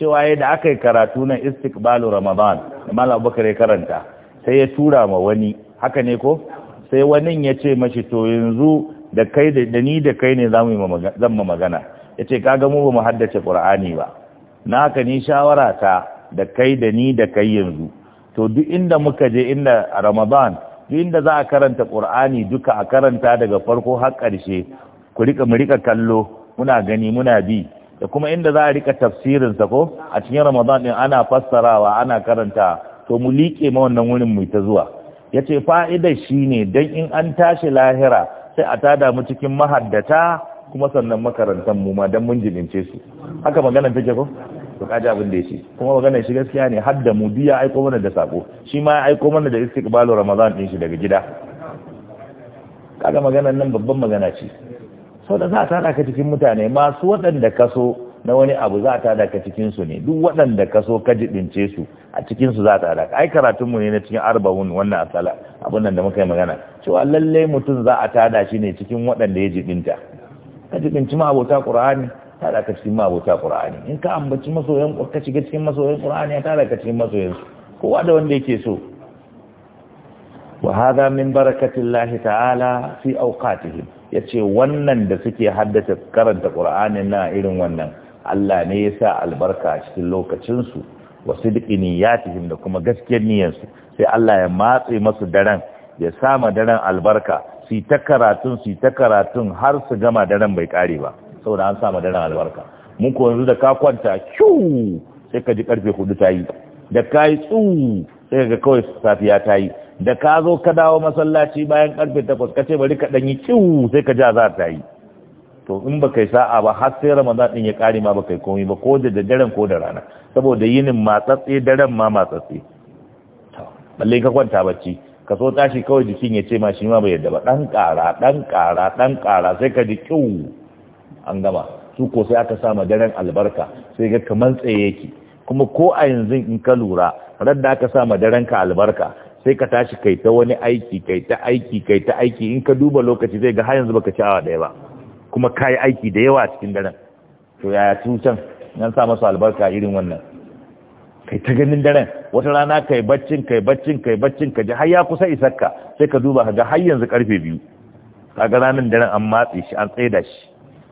cewa yayin da aka yi karatu na istiqbalu ramadan mal abubakar ya karanta sai ya tura ma wani haka ne ko sai wani ya ce mashi to yanzu da kai da ni da kai ne zamu yi zan ma magana yace kaga mu ba mu haddace qur'ani ba na ka ni shawara ta da kai da ni da kai yanzu to duk inda muka je inda ramadan duk inda za a karanta qur'ani duka a karanta daga farko har karshe ku rika mu rika kallo muna gani muna bi da kuma inda za a rika tafsirin sa ko a cikin ramadan din ana fassarawa ana karanta to mu liƙe ma wannan wurin mu ta zuwa yace fa'idar ne dan in an tashi lahira sai a tada mu cikin mahaddata kuma sannan makarantan mu ma dan mun jibince su haka magana take ko to kaji abin da yake kuma magana shi gaskiya ne har da mu biya aiko mana da sako shi ma ya aiko mana da istiqbalu ramadan din shi daga gida kaga maganar nan babban magana ce sau da za a tada ka cikin mutane masu waɗanda ka so na wani abu za a tada ka cikinsu ne duk waɗanda ka so ka jiɗince su a cikinsu za a tada ka ai karatunmu mu ne na cikin arba'un wannan asala abin nan da muka yi magana cewa lallai mutum za a tada shi ne cikin waɗanda ya jiɗinta ka jiɗinci ma abota ƙur'ani tada ka cikin ma abota ƙur'ani in ka ambaci masoyan ka shiga cikin masoyan ƙur'ani ya tada ka cikin masoyan su kowa da wanda yake so wa hada min barakatillahi ta'ala fi auqatihim ya ce wannan da suke haddasa karanta ƙura'anin na irin wannan Allah ne ya sa albarka a cikin lokacinsu wasu niyyatihim da kuma gaskiyar niyansu sai Allah ya matse masu daren ya sama daren albarka su ta karatun su ta karatun har su gama daren bai kare ba saboda an sama daren albarka mun ko yanzu da ka kwanta kiu sai ka ji karfe hudu ta yi da ka yi tsu sai ka kawai safiya ta yi da ka zo ka dawo masallaci bayan karfe takwas ka ce bari ka ɗanyi ciwu sai ka ja za ta yi to in ba kai sa'a ba har sai ramadan ɗin ya ƙare ma ba kai komi ba ko da daren ko da rana saboda yinin matsatse daren ma matsatse balle ka kwanta bacci ka so tashi kawai jikin ya ce ma shi ma bai yadda ba ɗan ƙara ɗan ƙara ɗan ƙara sai ka ji ciwu an gama su ko sai aka sama daren albarka sai ga kamar tsaye yake kuma ko a yanzu in ka lura radda aka sama daren ka albarka sai ka tashi kai ta wani aiki kai ta aiki kai ta aiki in ka duba lokaci zai ga har yanzu baka ci awa daya ba kuma kai aiki da yawa cikin daren to yaya can nan sa masu albarka irin wannan kai ta ganin daren wata rana kai baccin kai baccin kai baccin ka ji har ya kusa isarka sai ka duba ka ga har yanzu karfe biyu kaga ranar daren an matse shi an tsaida shi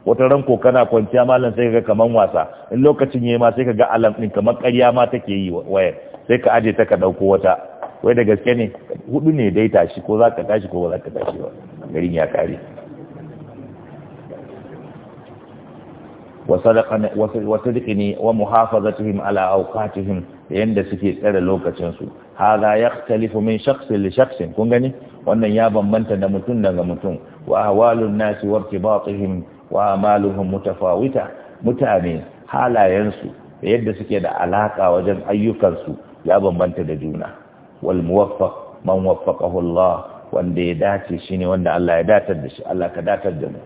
wata ran ko kana kwanciya malam sai kaga kaman wasa in lokacin yayi ma sai ka ga alam din kaman ƙarya ma take yi wayar sai ka aje ta ka dauko wata wai da gaske ne hudu ne dai tashi ko za ka tashi ko ba za ka tashi ba garin ya kare ala auka tuhim da yanda suke tsere lokacinsu haza ya talifu min shaksin li shaksin kun gani wannan ya bambanta da mutum daga mutum wa ahwalun nasi wa tuhim wa amaluhum mutafawita mutane halayensu da yadda suke da alaka wajen ayyukansu ya bambanta da juna wal muwaffaq man waffaqahu wanda ya dace shine wanda Allah ya datar da shi Allah ka datar da mu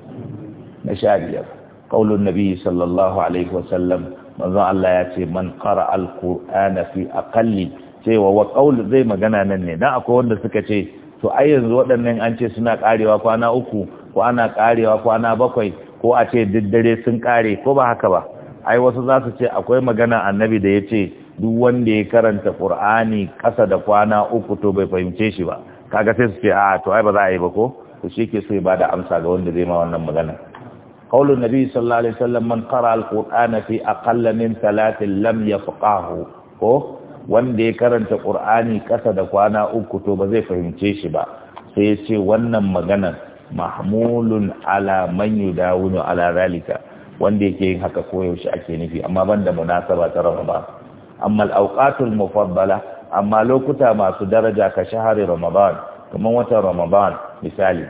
na sha biyar qaulun nabi sallallahu alaihi wasallam manzo Allah ya ce man qara alqur'ana fi aqalli cewa wa qaul zai magana nan ne dan akwai wanda suka ce to ai yanzu waɗannan an ce suna karewa kwana uku ko ana karewa kwana bakwai ko a ce duk dare sun kare ko ba haka ba ai wasu za su ce akwai magana annabi da ya ce duk wanda ya karanta qur'ani kasa da kwana uku to bai fahimce shi ba kaga sai su ce a to ai ba za a yi ba ko to shi ke so ya bada amsa ga wanda zai ma wannan magana qaulun nabi sallallahu alaihi wasallam man qara alqur'ana fi aqall min thalathin lam yafqahu ko wanda ya karanta qur'ani kasa da kwana uku to ba zai fahimce shi ba sai ya ce wannan magana mahmulun ala man yudawunu ala zalika wanda yake yin haka koyaushe ake nufi amma banda munasaba ta raba ba amma al'auƙatul mufaddala amma lokuta masu daraja ka shahari ramadan kamar watan ramadan misali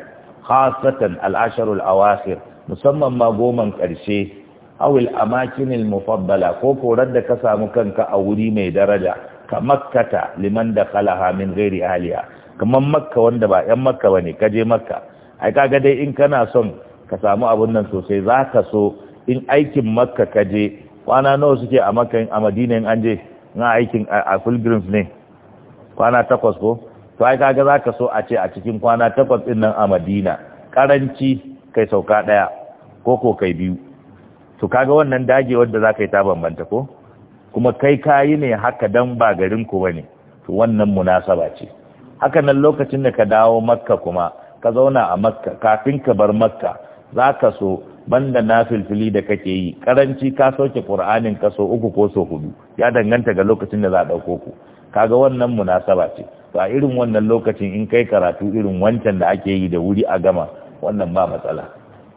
khasatan al'asharul awakhir musamman ma goman ƙarshe awil amakinil mufaddala ko korar da ka samu kanka a wuri mai daraja ka makkata liman da kalaha min gairi aliya kamar makka wanda ba yan makka ba ne ka je makka ai kaga dai in kana son ka samu abun nan sosai za ka so in aikin makka ka je kwana nawa suke a makan a madina in an je na aikin a pilgrims ne kwana takwas ko to ai kaga zaka so a ce a cikin kwana takwas din nan a madina karanci kai sauka daya ko ko kai biyu to kaga wannan dage wanda zaka yi ta bambanta ko kuma kai kayi ne haka dan ba garin ku bane to wannan munasaba ce haka nan lokacin da ka dawo makka kuma ka zauna a makka kafin ka bar makka zaka so banda na filfili da kake yi karanci ka sauke qur'anin ka so uku ko so hudu ya danganta ga lokacin da za a dauko ku kaga wannan munasaba ce to a irin wannan lokacin in kai karatu irin wancan da ake yi da wuri a gama wannan ba matsala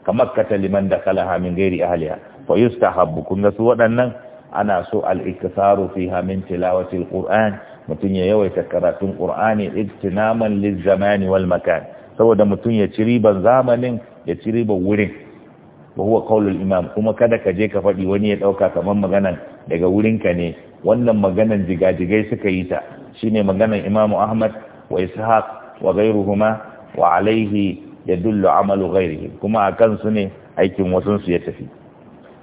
kamar ta liman da kala hamin gairi ahliha fa yustahabbu kun ga su waɗannan ana so al-iktisaru fi hamin tilawatil al-qur'an Mutum ya yawaita karatun qur'ani ijtinaman liz-zamani wal makan saboda mutum ya ci riban zamanin ya ci riban wurin wa huwa qaulul imam kuma kada ka je ka faɗi wani ya ɗauka kamar maganan daga wurinka ne wannan maganan jigajigai suka yi ta shine maganan imam ahmad wa ishaq wa gairuhuma wa alaihi yadullu amalu ghairihi kuma akan su ne aikin wasun su ya tafi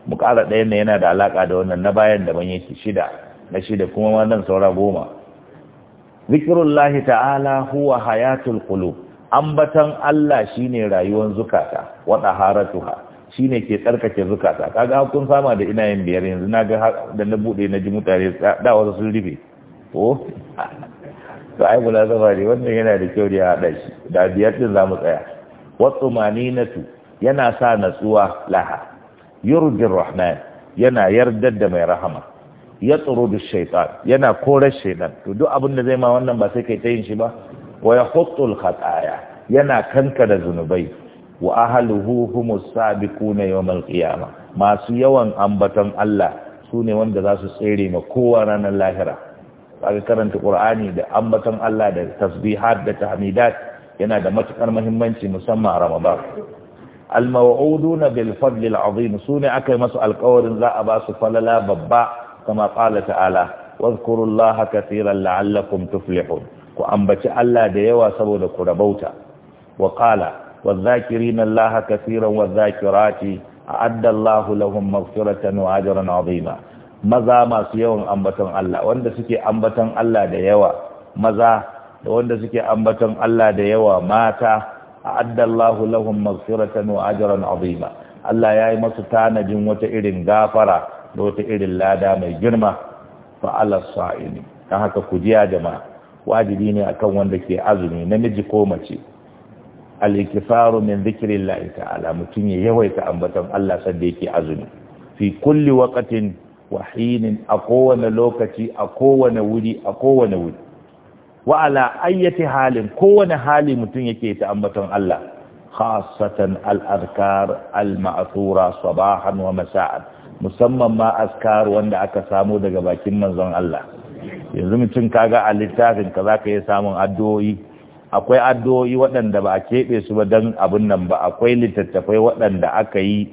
mu ɗaya ɗayan ne yana da alaka da wannan na bayan da ban yake shida na shida kuma wannan saura goma zikirullahi ta'ala huwa hayatul qulub ambatan Allah shine rayuwar zukata wa taharatuha Shi ne ke tsarkake zukata kaga kun sama da ina yin biyar yanzu na ga da na buɗe na ji mutane da wasu sun rufe ko oh, to ai bula zama ne wannan yana da kyau da ya haɗa shi da biyar din za mu tsaya wasu tu yana sa natsuwa laha yurjin rahman yana yardar da mai rahama ya tsoro da shaitan yana korar shaitan to duk abin da zai ma wannan ba sai kai ta yin shi ba wa ya hotul yana kanka da zunubai wa ahluhu humus na yawmal qiyamah masu yawan ambaton Allah sune wanda zasu tsere ma kowa ranar lahira kaga karanta qur'ani da ambaton Allah da tasbihat da tahmidat yana da matukar muhimmanci musamman a ramadan al maw'uduna bil fadl al azim sune akai masu alqawarin za a ba su falala babba kama qala ta'ala wadhkuru allaha katiran la'allakum tuflihun ku ambaci Allah da yawa saboda ku rabauta wa qala والذاكرين الله كثيرا والذاكرات أعد الله لهم مغفرة وأجرا عظيما maza masu yawan ambaton Allah wanda suke ambaton Allah da yawa maza da wanda suke ambaton Allah da yawa mata a'addallahu lahu maghfiratan wa ajran azima Allah yayi masu tanajin wata irin gafara da wata irin lada mai girma fa ala haka ku jama'a wajibi ne akan wanda ke azumi namiji ko mace al-ikfaru min dhikrillahi ta'ala mutum ya yawaita ambaton Allah sanda yake azumi fi kulli waqtin wa hinin a kowane lokaci a kowane wuri a kowane wuri wa ala ayyati halin kowane hali mutum yake ta ambaton Allah khassatan al-adhkar al-ma'thura sabahan wa masa'an musamman ma azkar wanda aka samu daga bakin manzon Allah yanzu mutum kaga a littafin ka zaka yi samun addu'o'i akwai addu'o'i waɗanda ba a keɓe su ba don abin nan ba akwai littattafai waɗanda aka yi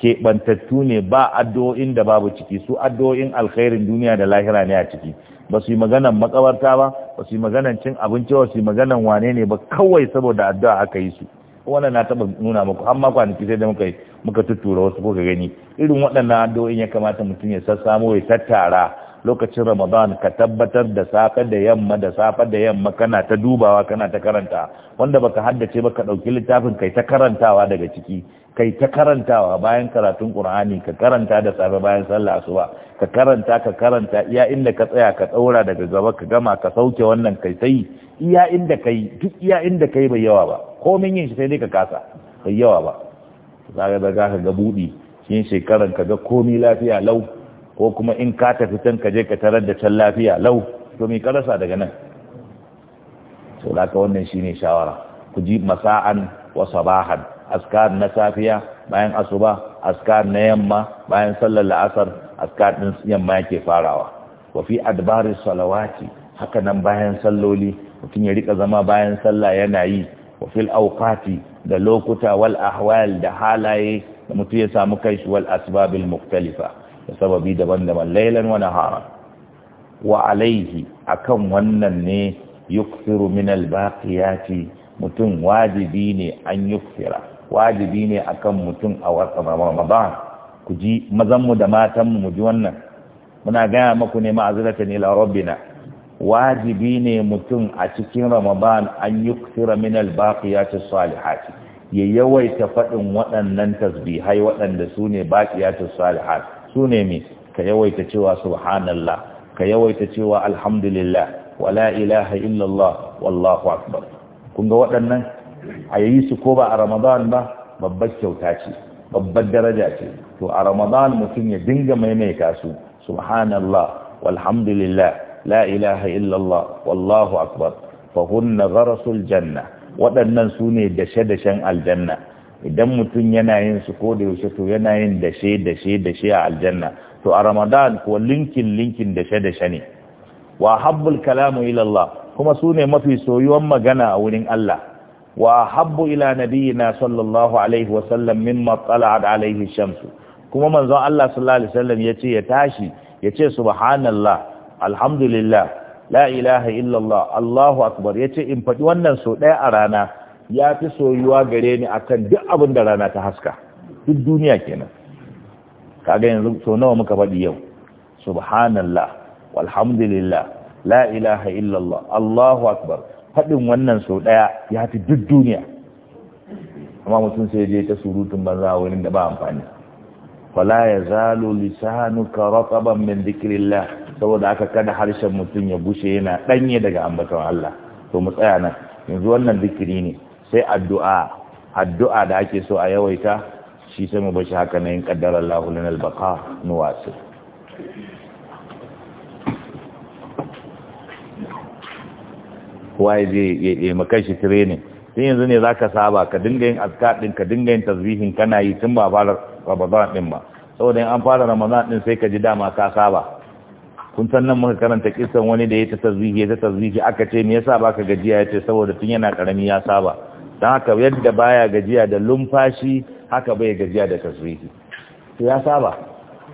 keɓantattu ne ba addu'o'in da babu ciki su addu'o'in alkhairin duniya da lahira ne a ciki ba su yi maganan makabarta ba ba su yi maganan cin abinci ba su yi maganan wane ne ba kawai saboda addu'a aka yi su wannan na taɓa nuna muku amma kwanaki sai da muka yi muka tuttura wasu kuka gani irin waɗannan addu'o'in ya kamata mutum ya sassamo ya tattara lokacin ramadan ka tabbatar da safe da yamma da safe da yamma kana ta dubawa kana ta karanta wanda baka haddace ba ka dauki littafin kai ta karantawa daga ciki kai ta karantawa bayan karatun qur'ani ka karanta da safe bayan sallah asuba ka karanta ka karanta iya inda ka tsaya ka daura daga gaba ka gama ka sauke wannan kai sai iya inda kai duk iya inda kai bai yawa ba komin yin shi sai dai ka kasa bai yawa ba zaka ga ka ga budi shi shekaran ka ga komi lafiya lau ko kuma in ka tafi can ka je ka tarar da can lafiya lau to mi ka rasa daga nan to haka wannan shine shawara ku ji masa'an wa sabahan askar na safiya bayan asuba askar na yamma bayan sallar la'asar askar din yamma yake farawa wa fi adbaris salawati haka nan bayan salloli mutum ya rika zama bayan sallah yana yi wa fil awqati da lokuta wal ahwal da halaye da mutum ya samu kai wal asbabil mukhtalifa da sababi daban-daban lailan wani nahara wa alaihi akan wannan ne yukthiru min ya ce mutum wajibi ne an yukfira wajibi ne akan mutum a watan ramadan ku ji mazanmu da matanmu mu ji wannan muna gaya maku ne ma'azratan ila rabbina wajibi ne mutum a cikin ramadan an yukthiru min ya albaqiyati salihati ya yawaita faɗin waɗannan tasbihai waɗanda su ne baki ya baƙiyatus salihat su ne ka yawaita cewa subhanallah ka yawaita cewa alhamdulillah wala ilaha illallah wallahu akbar kun ga waɗannan a yi su ko ba a ramadan ba babbar kyauta ce babbar daraja ce to a ramadan mutum ya dinga maimaita su subhanallah walhamdulillah la ilaha illallah wallahu akbar fa hunna gharasul janna waɗannan su ne dashe-dashen aljanna idan mutum yana yin su ko da yaushe to yana yin dashe dashe dashe a aljanna to a ramadan kuwa linkin linkin dashe dashe ne wa habbul kalamu ila Allah kuma su ne mafi soyuwan magana a wurin Allah wa habbu ila nabiyina sallallahu alaihi wa sallam mimma tala'at alaihi shamsu kuma manzon Allah sallallahu alaihi wasallam yace ya tashi yace subhanallah alhamdulillah la ilaha illallah allahu akbar yace in faɗi wannan so ɗaya a rana ya fi soyuwa gare ni akan duk abin da rana ta haska duk duniya kenan kaga yanzu so nawa muka faɗi yau subhanallah walhamdulillah la ilaha illallah allahu akbar faɗin wannan sau ɗaya ya fi duk duniya amma mutum sai je ta surutun banza wurin da ba amfani Wala ya zalo lisanuka rataban min dhikrillah saboda aka kada harshen mutum ya bushe yana ɗanye daga ambaton Allah to mu tsaya nan yanzu wannan zikiri ne sai addu'a addu'a da ake so a yawaita shi sai mu bashi haka na yin kaddara Allah lana albaka nuwasu waye zai yi shi training tun yanzu ne zaka saba ka dinga yin azkar din ka dinga yin tasbihin kana yi tun ba fara Ramadan din ba saboda in an fara Ramadan din sai ka ji dama ka saba kun san nan muka karanta kisan wani da ya ta tasbihi ya ta tasbihi aka ce me yasa baka gajiya ce saboda tun yana karami ya saba don haka yadda baya gajiya da lumfashi haka bai gajiya da tasbihi to ya saba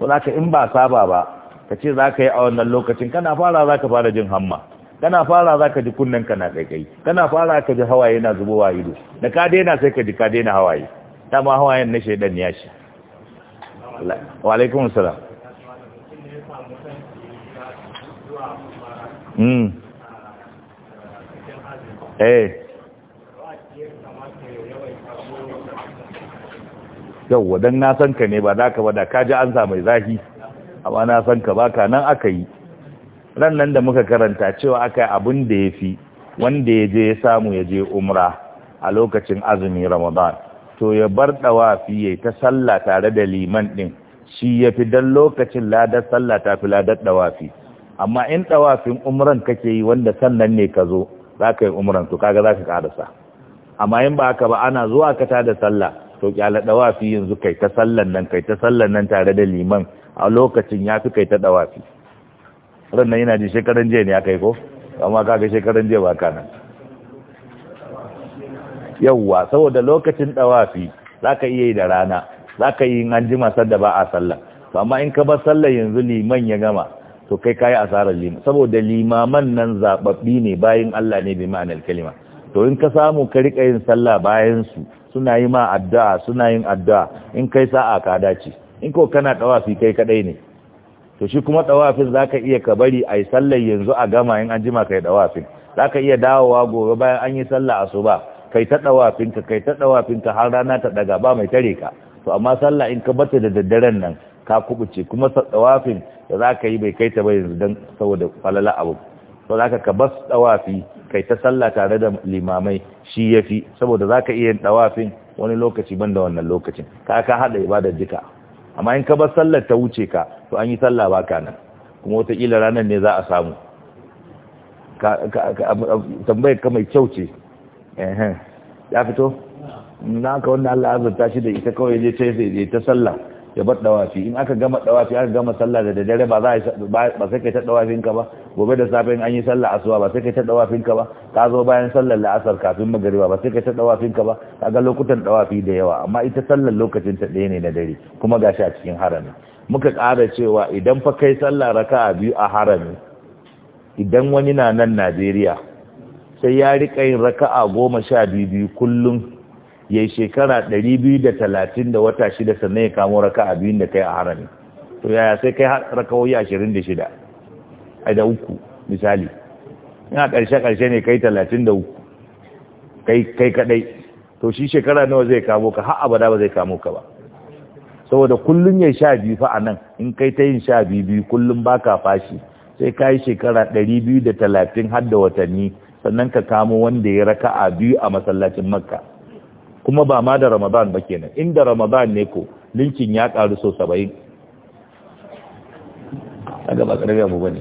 ko haka in ba saba ba Ka ce za ka yi a wannan lokacin kana fara za ka fara jin hamma kana fara za ka ji kunnen kana kaikai kana fara ka ji hawaye yana zubowa ido da ka daina sai ka ji ka daina hawaye dama hawayen na shaidan ya shi wa alaikum salam mm yauwa don na san ka ne ba za ka ba da ka ji mai zafi amma na san ka baka nan aka yi ran nan da muka karanta cewa aka yi abin da ya fi wanda ya je ya samu ya je umra a lokacin azumi ramadan to ya bar dawafi ya ta sallah tare da liman din shi ya fi dan lokacin ladar sallah ta fi ladar dawafi amma in dawafin umran kake yi wanda sannan ne ka zo za ka yi umran to kaga za ka karasa amma in ba haka ba ana zuwa ka tada sallah to ala dawafi yanzu kai ta sallan nan kai ta sallan nan tare da liman a lokacin ya fi kai ta dawafi ran nan yana ji shekaran jiya ne ya kai ko amma kaga shekaran jiya ba kana yawwa saboda lokacin dawafi zaka iya yi da rana zaka yi an jima sanda ba a to amma in ka bar sallah yanzu liman ya gama to kai kayi asarar liman saboda limaman nan zababbi ne bayin Allah ne bi ma'anar kalima to in ka samu ka riƙa yin sallah bayan su suna yi ma addu'a suna yin addu'a in kai sa'a ka dace in ko kana dawafi kai kaɗai ne to shi kuma dawafin zaka iya ka bari ai sallar yanzu a gama in an jima kai za ka iya dawowa gobe bayan an yi sallah asuba kai ta dawafin kai ta dawafin har rana ta ɗaga ba mai tare ka to amma sallah in ka bata da daddaren nan ka kubuce kuma dawafin da zaka yi bai kai ta ba yanzu dan saboda falala abu to ka bas dawafi kai ta sallah tare da limamai shi ya fi saboda za ka iya dawafin wani lokaci ban da wannan lokacin ka ka hada ibadar duka amma in ka bar sallar ta wuce ka to an yi sallah ka nan kuma wataƙila ranar ne za a samu tambayar ka mai kyau ce ya fito na ka wanda Allah azurta shi da ita kawai je ta ta sallah ya bar dawafi in aka gama dawafi aka gama salla da dare ba za ba sai ta dawafin ka ba gobe da safe an yi sallah asuwa ba sai kai ta dawafin ka ba ka zo bayan sallar la'asar kafin magariba ba sai kai ta dawafin ka ba kaga lokutan dawafi da yawa amma ita sallar lokacin ta ɗaya ne na dare kuma gashi a cikin harami muka ƙara cewa idan fa kai sallah raka'a biyu a harami idan wani na nan Najeriya sai ya rika yin raka'a goma sha biyu biyu kullum ya shekara ɗari biyu da talatin da wata shida sannan ya kamo raka'a biyun da kai a harami to yaya sai kai raka'o'i ashirin da shida ai da uku misali ina ƙarshe ƙarshe ne kai talatin da uku kai kai kadai to shi shekara nawa zai kamo ka har abada ba zai kamo ka ba saboda kullum ya sha biyu fa nan, in kai ta yin sha biyu biyu ba ka fashi sai ka yi shekara ɗari biyu da talatin har da watanni sannan ka kamo wanda ya raka a biyu a masallacin makka kuma ba ma da ramadan ba kenan inda ramadan ne ko linkin ya ƙaru so saba'in a gaba ƙarfi abu ba ne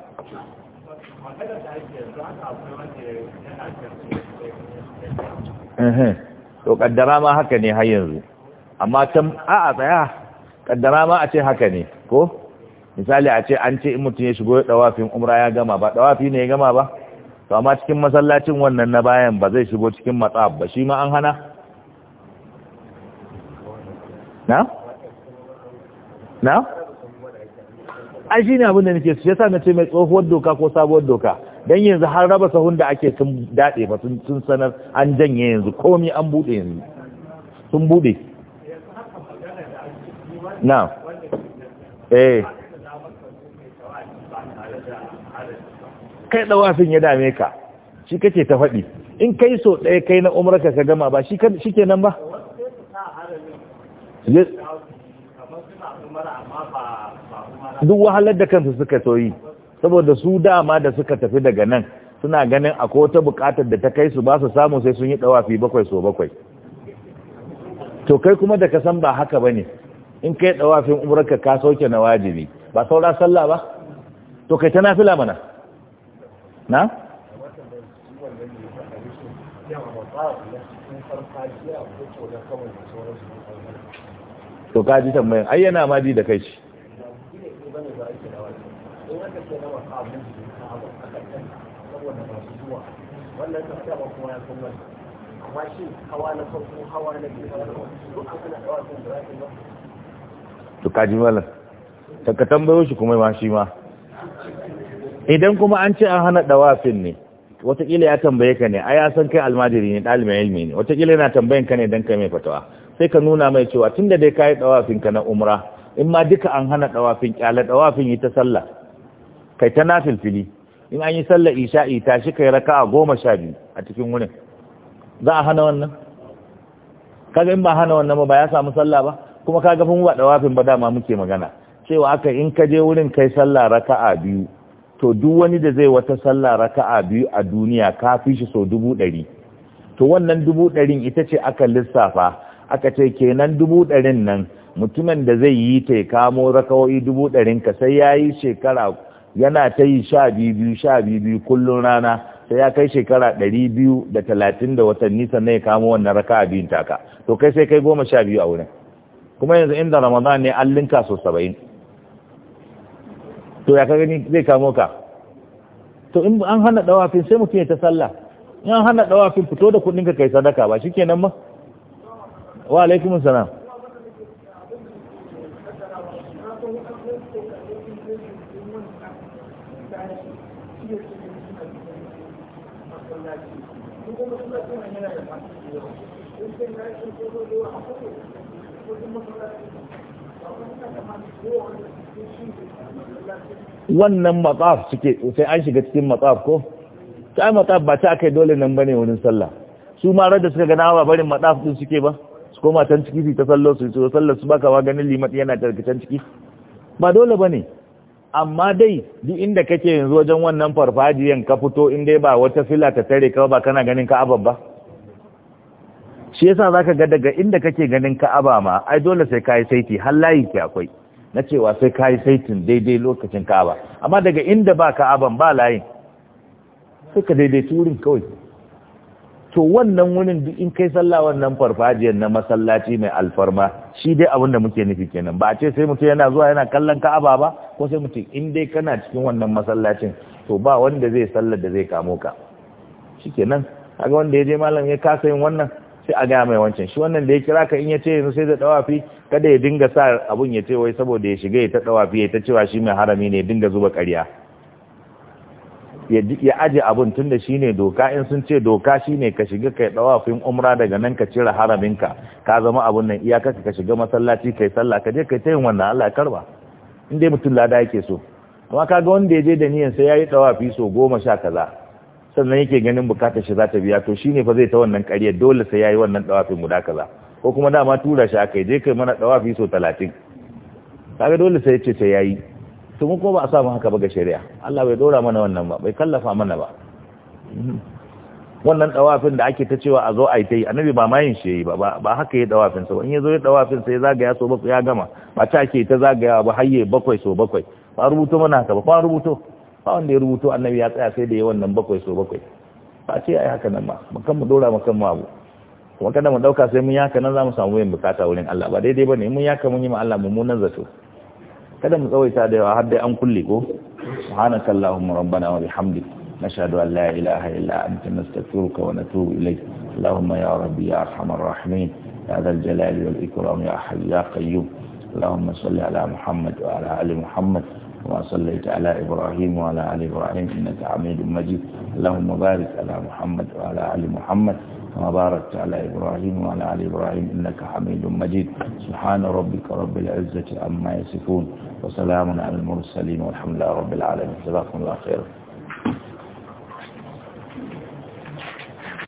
to kaddara ma haka ne har yanzu amma can a a tsaya kaddara ma a ce haka ne ko misali a ce an ce in mutum ya shigo dawafin umra ya gama ba dawafi ne ya gama ba to amma cikin masallacin wannan na bayan ba zai shigo cikin matsab ba shi ma an hana na na ai shine abin da nake ya yasa na ce mai tsohuwar doka ko sabuwar doka dan yanzu har raba sahun da ake sun dade ba sun sun sanar an janye yanzu komai an bude yanzu sun bude na eh kai sun ya dame ka shi kake ta faɗi in kai so ɗaya kai na umarka ka gama ba shi nan ba duk wahalar da kansu suka soyi saboda su dama da suka tafi daga nan suna ganin akwai wata bukatar da ta kai su ba su samu sai sun yi dawafi bakwai so bakwai to kai kuma da ka san ba haka ba ne, in kai dawafin umarka ka sauke na wajibi ba saura sallah ba to kai ta nafila mana na to kaji tambayin ai yana ma ji da kai shi wannan tafiya ba kuma ya amma shi hawa na farko hawa na biyu hawa na duk an kana hawa sun da ba to kaji malam ka tambayo shi kuma ma shi ma idan kuma an ce an hana dawafin ne watakila ya tambaye ka ne a ya san kai almajiri ne ɗalibin ilmi ne watakila yana tambayen ka ne don kai mai fatawa sai ka nuna mai cewa tun da dai kayi dawafin ka na umra in ma duka an hana dawafin ƙyale, dawafin yi ta sallah kai ta fili in an yi sallar isha'i tashi kai a goma sha biyu a cikin wurin za a hana wannan kaga in ba hana wannan ba ya samu sallah ba kuma kaga fa mu ba ba dama muke magana cewa aka in ka je wurin kai raka raka'a biyu to duk wani da zai wata raka raka'a biyu a duniya ka fi shi so dubu ɗari to wannan dubu ɗarin ita ce aka lissafa aka ce kenan dubu ɗarin nan mutumin da zai yi ta ya kamo raka'o'i dubu ɗarin ka sai ya yi shekara yana ta yi sha biyu biyu sha biyu biyu kullum rana sai ya kai shekara ɗari biyu da talatin da watanni sannan ya kamo wannan raka a biyun taka to kai sai kai goma sha biyu a wurin kuma yanzu inda ramadan ne an linka so saba'in to ya kai ni zai kamo ka to in an hana dawafin sai mutum ya ta sallah in an hana dawafin fito da kuɗin ka kai sadaka ba shikenan ma wa alaikumus salam wannan matsaf suke sai an shiga cikin matsaf ko ta matsaf ba ta kai dole nan bane wurin sallah su ma da suka gana ba barin matsaf din suke ba su koma can ciki su ta sallo su su sallar su baka wa ganin limat yana can ciki ba dole bane amma dai duk inda kake yanzu wajen wannan farfajiyan ka fito in dai ba wata fila ta tare ka ba kana ganin ka abab ba shi yasa zaka ga daga inda kake ganin ka'aba ma ai dole sai kai saiti har layi ke akwai na cewa sai ka yi saitin daidai lokacin ka'aba amma daga inda ba ka'aban ba layi sai ka daidai turin kawai to wannan wurin duk in kai sallah wannan farfajiyar na masallaci mai alfarma shi dai abin da muke nufi kenan ba a ce sai mutum yana zuwa yana kallon ka'aba ba ko sai mutum in dai kana cikin wannan masallacin to ba wanda zai sallar da zai kamo ka shikenan kaga wanda ya je malam ya kasa yin wannan sai a gaya mai wancan shi wannan da ya kira ka in ya ce yanzu sai da dawafi kada ya dinga sa abun ya ce wai saboda ya shiga ya ta dawafi ya ta cewa shi mai harami ne dinga zuba ƙarya ya aje abun shi ne doka in sun ce doka shi ne ka shiga kai dawafin umra daga nan ka cire haraminka ka zama abun nan iyaka ka shiga masallaci kai sallah ka je kai ta yin wannan Allah karba in dai mutum lada yake so amma kaga wanda ya je da niyan sai yayi dawafi so goma sha kaza sannan yake ganin bukatar shi za ta biya to shi ne fa zai ta wannan ƙarya dole sai ya yi wannan dawafin guda kaza ko kuma dama tura shi aka je kai mana dawafi so talatin kaga dole sai ce sai yayi to mun ko ba a samu haka ba ga shari'a Allah bai dora mana wannan ba bai kallafa mana ba mhm. wannan dawafin da ake ta cewa a zo a yi ta yi annabi ba mayin shi yi ba ba haka yi dawafin sa in ya zo yi dawafin sa ya zagaya so bakwai ya gama ba ta ake ta zagayawa ba hayye bakwai so bakwai ba rubuto mana haka ba ba rubuto ba wanda ya rubuto annabi ya tsaya sai da ya wannan bakwai so bakwai ba ce ai haka nan ba kan mu dora makan mu abu kuma kada mu dauka sai mun yaka nan zamu samu yin bukata wurin Allah ba daidai bane mun yaka mun yi ma Allah mummunan zato kada mu tsawaita da yawa har dai an kulle ko subhanaka allahumma rabbana wa bihamdi nashhadu an la ilaha illa anta nastaghfiruka wa natubu ilayk allahumma ya rabbi اللهم يا ربي يا ارحم الراحمين يا ذا ya والاكرام يا حي يا قيوم اللهم صل على محمد وعلى ال محمد وصليت على إبراهيم وعلى آل إبراهيم إنك حميد مجيد اللهم بارك على محمد وعلى آل محمد كما باركت على إبراهيم وعلى آل إبراهيم إنك حميد مجيد سبحان ربك رب العزة عما يصفون وسلام على المرسلين والحمد لله رب العالمين جزاكم الله خيرا